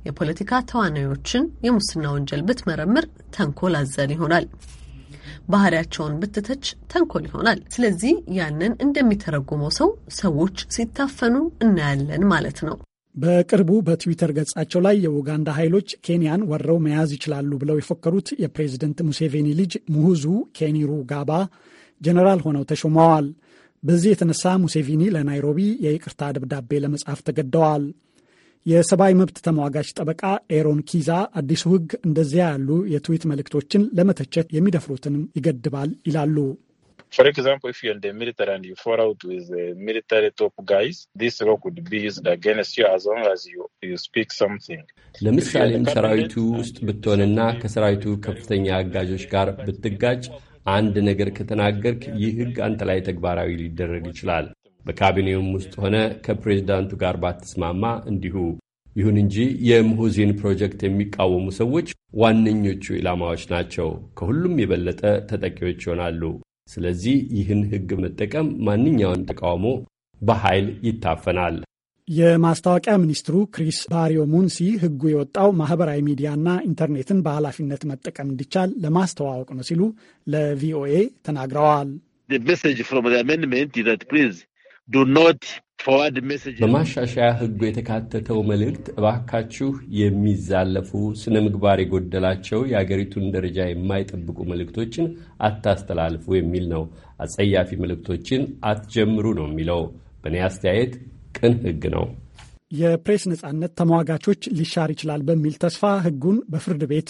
የፖለቲካ ተዋናዮችን የሙስና ወንጀል ብትመረምር ተንኮል አዘል ይሆናል። ባህሪያቸውን ብትተች ተንኮል ይሆናል። ስለዚህ ያንን እንደሚተረጉመው ሰው ሰዎች ሲታፈኑ እናያለን ማለት ነው። በቅርቡ በትዊተር ገጻቸው ላይ የኡጋንዳ ኃይሎች ኬንያን ወረው መያዝ ይችላሉ ብለው የፎከሩት የፕሬዝደንት ሙሴቬኒ ልጅ ሙሁዙ ኬኒሩ ጋባ ጀነራል ሆነው ተሾመዋል። በዚህ የተነሳ ሙሴቪኒ ለናይሮቢ የይቅርታ ደብዳቤ ለመጻፍ ተገደዋል። የሰብአዊ መብት ተሟጋች ጠበቃ ኤሮን ኪዛ አዲሱ ሕግ እንደዚያ ያሉ የትዊት መልእክቶችን ለመተቸት የሚደፍሩትንም ይገድባል ይላሉ። ለምሳሌ ለምሳሌም ሰራዊቱ ውስጥ ብትሆንና ከሰራዊቱ ከፍተኛ አጋዦች ጋር ብትጋጭ አንድ ነገር ከተናገርክ ይህ ህግ አንተ ላይ ተግባራዊ ሊደረግ ይችላል። በካቢኔውም ውስጥ ሆነ ከፕሬዚዳንቱ ጋር ባትስማማ እንዲሁ። ይሁን እንጂ የምሁዚን ፕሮጀክት የሚቃወሙ ሰዎች ዋነኞቹ ኢላማዎች ናቸው፣ ከሁሉም የበለጠ ተጠቂዎች ይሆናሉ። ስለዚህ ይህን ሕግ መጠቀም ማንኛውን ተቃውሞ በኃይል ይታፈናል። የማስታወቂያ ሚኒስትሩ ክሪስ ባሪዮ ሙንሲ ሕጉ የወጣው ማህበራዊ ሚዲያና ኢንተርኔትን በኃላፊነት መጠቀም እንዲቻል ለማስተዋወቅ ነው ሲሉ ለቪኦኤ ተናግረዋል። በማሻሻያ ህጉ የተካተተው መልእክት እባካችሁ የሚዛለፉ ስነ ምግባር የጎደላቸው የአገሪቱን ደረጃ የማይጠብቁ መልእክቶችን አታስተላልፉ የሚል ነው። አጸያፊ መልእክቶችን አትጀምሩ ነው የሚለው። በእኔ አስተያየት ቅን ህግ ነው። የፕሬስ ነጻነት ተሟጋቾች ሊሻር ይችላል በሚል ተስፋ ህጉን በፍርድ ቤት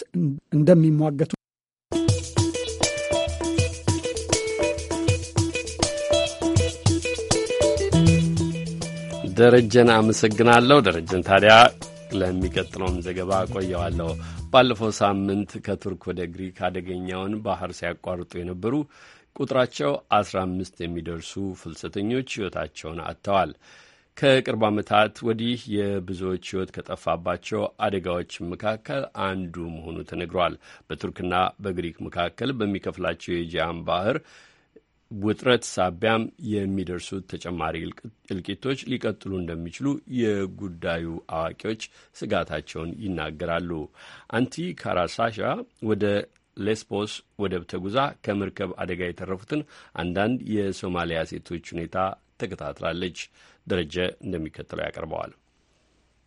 እንደሚሟገቱ ደረጀን አመሰግናለሁ። ደረጀን ታዲያ ለሚቀጥለውም ዘገባ አቆየዋለሁ። ባለፈው ሳምንት ከቱርክ ወደ ግሪክ አደገኛውን ባህር ሲያቋርጡ የነበሩ ቁጥራቸው 15 የሚደርሱ ፍልሰተኞች ሕይወታቸውን አጥተዋል። ከቅርብ ዓመታት ወዲህ የብዙዎች ሕይወት ከጠፋባቸው አደጋዎች መካከል አንዱ መሆኑ ተነግሯል። በቱርክና በግሪክ መካከል በሚከፍላቸው የጂያን ባህር ውጥረት ሳቢያም የሚደርሱት ተጨማሪ እልቂቶች ሊቀጥሉ እንደሚችሉ የጉዳዩ አዋቂዎች ስጋታቸውን ይናገራሉ። አንቲ ካራሳሻ ወደ ሌስቦስ ወደብ ተጉዛ ከመርከብ አደጋ የተረፉትን አንዳንድ የሶማሊያ ሴቶች ሁኔታ ተከታትላለች። ደረጀ እንደሚከተለው ያቀርበዋል።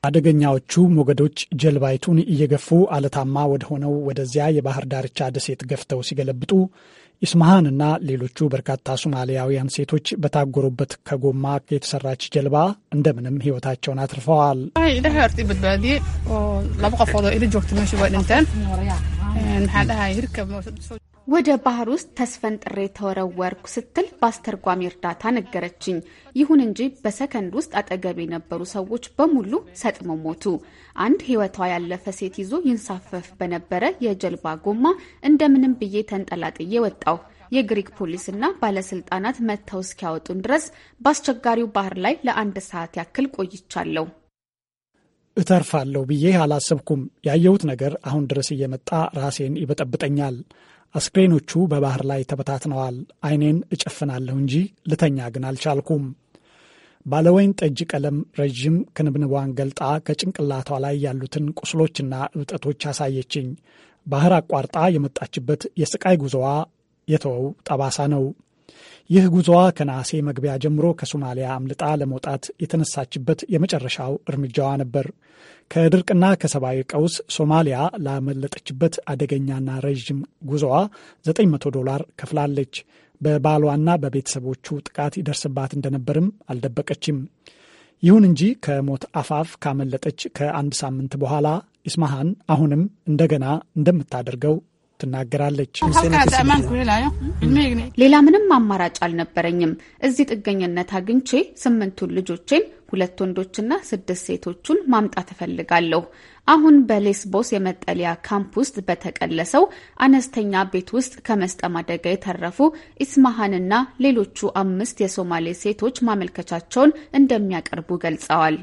አደገኛዎቹ ሞገዶች ጀልባይቱን እየገፉ አለታማ ወደሆነው ወደዚያ የባህር ዳርቻ ደሴት ገፍተው ሲገለብጡ ኢስማሃንና ሌሎቹ በርካታ ሶማሊያውያን ሴቶች በታጎሩበት ከጎማ የተሰራች ጀልባ እንደምንም ሕይወታቸውን አትርፈዋል። ወደ ባህር ውስጥ ተስፈንጥሬ ተወረወርኩ ስትል በአስተርጓሚ እርዳታ ነገረችኝ። ይሁን እንጂ በሰከንድ ውስጥ አጠገብ የነበሩ ሰዎች በሙሉ ሰጥመው ሞቱ። አንድ ሕይወቷ ያለፈ ሴት ይዞ ይንሳፈፍ በነበረ የጀልባ ጎማ እንደምንም ብዬ ተንጠላጥዬ ወጣሁ። የግሪክ ፖሊስና ባለስልጣናት መጥተው እስኪያወጡን ድረስ በአስቸጋሪው ባህር ላይ ለአንድ ሰዓት ያክል ቆይቻለሁ። እተርፋለሁ ብዬ አላሰብኩም። ያየሁት ነገር አሁን ድረስ እየመጣ ራሴን ይበጠብጠኛል። አስክሬኖቹ በባህር ላይ ተበታትነዋል። አይኔን እጨፍናለሁ እንጂ ልተኛ ግን አልቻልኩም። ባለወይን ጠጅ ቀለም ረዥም ክንብንቧን ገልጣ ከጭንቅላቷ ላይ ያሉትን ቁስሎችና እብጠቶች አሳየችኝ። ባህር አቋርጣ የመጣችበት የስቃይ ጉዞዋ የተወው ጠባሳ ነው። ይህ ጉዞዋ ከነሐሴ መግቢያ ጀምሮ ከሶማሊያ አምልጣ ለመውጣት የተነሳችበት የመጨረሻው እርምጃዋ ነበር። ከድርቅና ከሰብአዊ ቀውስ ሶማሊያ ላመለጠችበት አደገኛና ረዥም ጉዞዋ 900 ዶላር ከፍላለች። በባሏና በቤተሰቦቹ ጥቃት ይደርስባት እንደነበርም አልደበቀችም። ይሁን እንጂ ከሞት አፋፍ ካመለጠች ከአንድ ሳምንት በኋላ ኢስማሃን አሁንም እንደገና እንደምታደርገው ትናገራለች። ሌላ ምንም አማራጭ አልነበረኝም። እዚህ ጥገኝነት አግኝቼ ስምንቱን ልጆቼን ሁለት ወንዶችና ስድስት ሴቶቹን ማምጣት እፈልጋለሁ። አሁን በሌስቦስ የመጠለያ ካምፕ ውስጥ በተቀለሰው አነስተኛ ቤት ውስጥ ከመስጠም አደጋ የተረፉ ኢስማሃንና ሌሎቹ አምስት የሶማሌ ሴቶች ማመልከቻቸውን እንደሚያቀርቡ ገልጸዋል።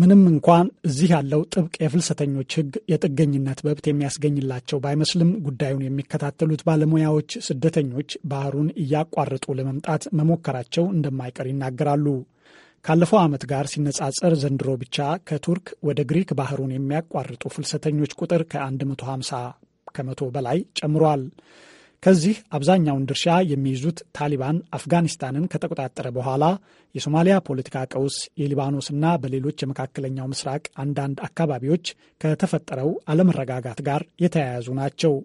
ምንም እንኳን እዚህ ያለው ጥብቅ የፍልሰተኞች ሕግ የጥገኝነት መብት የሚያስገኝላቸው ባይመስልም ጉዳዩን የሚከታተሉት ባለሙያዎች ስደተኞች ባህሩን እያቋረጡ ለመምጣት መሞከራቸው እንደማይቀር ይናገራሉ። ካለፈው ዓመት ጋር ሲነጻጸር ዘንድሮ ብቻ ከቱርክ ወደ ግሪክ ባህሩን የሚያቋርጡ ፍልሰተኞች ቁጥር ከ150 ከመቶ በላይ ጨምሯል። ከዚህ አብዛኛውን ድርሻ የሚይዙት ታሊባን አፍጋኒስታንን ከተቆጣጠረ በኋላ የሶማሊያ ፖለቲካ ቀውስ፣ የሊባኖስና በሌሎች የመካከለኛው ምስራቅ አንዳንድ አካባቢዎች ከተፈጠረው አለመረጋጋት ጋር የተያያዙ ናቸው።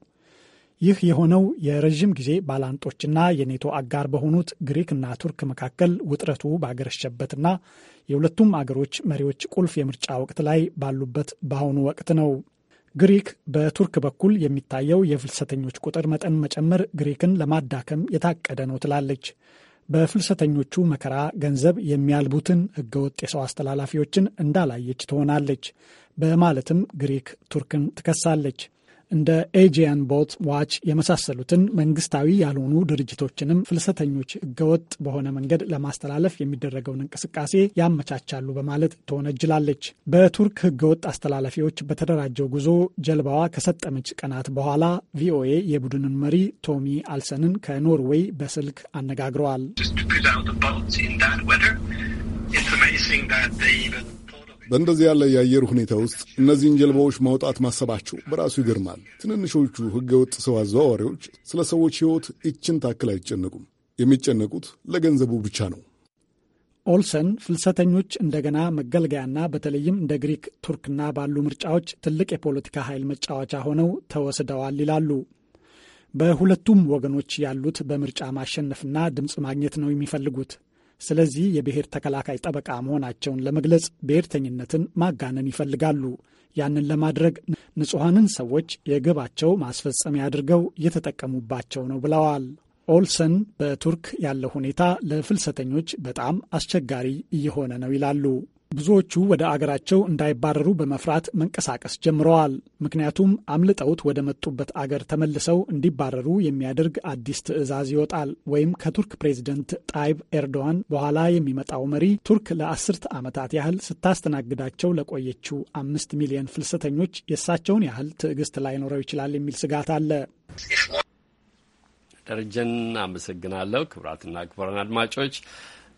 ይህ የሆነው የረዥም ጊዜ ባላንጦችና የኔቶ አጋር በሆኑት ግሪክና ቱርክ መካከል ውጥረቱ ባገረሸበትና የሁለቱም አገሮች መሪዎች ቁልፍ የምርጫ ወቅት ላይ ባሉበት በአሁኑ ወቅት ነው። ግሪክ በቱርክ በኩል የሚታየው የፍልሰተኞች ቁጥር መጠን መጨመር ግሪክን ለማዳከም የታቀደ ነው ትላለች። በፍልሰተኞቹ መከራ ገንዘብ የሚያልቡትን ህገወጥ የሰው አስተላላፊዎችን እንዳላየች ትሆናለች በማለትም ግሪክ ቱርክን ትከሳለች። እንደ ኤጂያን ቦት ዋች የመሳሰሉትን መንግስታዊ ያልሆኑ ድርጅቶችንም ፍልሰተኞች ህገወጥ በሆነ መንገድ ለማስተላለፍ የሚደረገውን እንቅስቃሴ ያመቻቻሉ በማለት ተወነጅላለች። በቱርክ ህገወጥ አስተላላፊዎች በተደራጀው ጉዞ ጀልባዋ ከሰጠመች ቀናት በኋላ ቪኦኤ የቡድንን መሪ ቶሚ አልሰንን ከኖርዌይ በስልክ አነጋግረዋል። በእንደዚህ ያለ የአየር ሁኔታ ውስጥ እነዚህን ጀልባዎች ማውጣት ማሰባቸው በራሱ ይገርማል። ትንንሾቹ ሕገወጥ ሰው አዘዋዋሪዎች ስለ ሰዎች ሕይወት ይችን ታክል አይጨነቁም። የሚጨነቁት ለገንዘቡ ብቻ ነው። ኦልሰን ፍልሰተኞች እንደገና መገልገያና በተለይም እንደ ግሪክ፣ ቱርክና ባሉ ምርጫዎች ትልቅ የፖለቲካ ኃይል መጫወቻ ሆነው ተወስደዋል ይላሉ። በሁለቱም ወገኖች ያሉት በምርጫ ማሸነፍና ድምፅ ማግኘት ነው የሚፈልጉት። ስለዚህ የብሔር ተከላካይ ጠበቃ መሆናቸውን ለመግለጽ ብሔርተኝነትን ማጋነን ይፈልጋሉ። ያንን ለማድረግ ንጹሐንን ሰዎች የግባቸው ማስፈጸሚያ አድርገው እየተጠቀሙባቸው ነው ብለዋል። ኦልሰን በቱርክ ያለው ሁኔታ ለፍልሰተኞች በጣም አስቸጋሪ እየሆነ ነው ይላሉ። ብዙዎቹ ወደ አገራቸው እንዳይባረሩ በመፍራት መንቀሳቀስ ጀምረዋል። ምክንያቱም አምልጠውት ወደ መጡበት አገር ተመልሰው እንዲባረሩ የሚያደርግ አዲስ ትዕዛዝ ይወጣል። ወይም ከቱርክ ፕሬዚደንት ጣይብ ኤርዶዋን በኋላ የሚመጣው መሪ ቱርክ ለአስርት ዓመታት ያህል ስታስተናግዳቸው ለቆየችው አምስት ሚሊዮን ፍልሰተኞች የእሳቸውን ያህል ትዕግስት ላይኖረው ይችላል የሚል ስጋት አለ። ደረጀን አመሰግናለሁ። ክቡራትና ክቡራን አድማጮች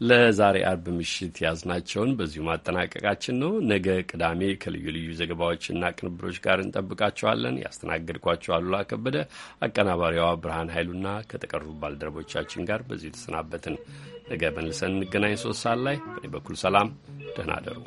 ለዛሬ አርብ ምሽት ያዝናቸውን በዚሁ ማጠናቀቃችን ነው። ነገ ቅዳሜ ከልዩ ልዩ ዘገባዎችና ቅንብሮች ጋር እንጠብቃችኋለን። ያስተናገድኳቸው አሉላ ከበደ፣ አቀናባሪዋ ብርሃን ኃይሉና ከተቀሩ ባልደረቦቻችን ጋር በዚሁ የተሰናበትን። ነገ መልሰን እንገናኝ ሶስት ሰዓት ላይ። በእኔ በኩል ሰላም፣ ደህና አደሩ።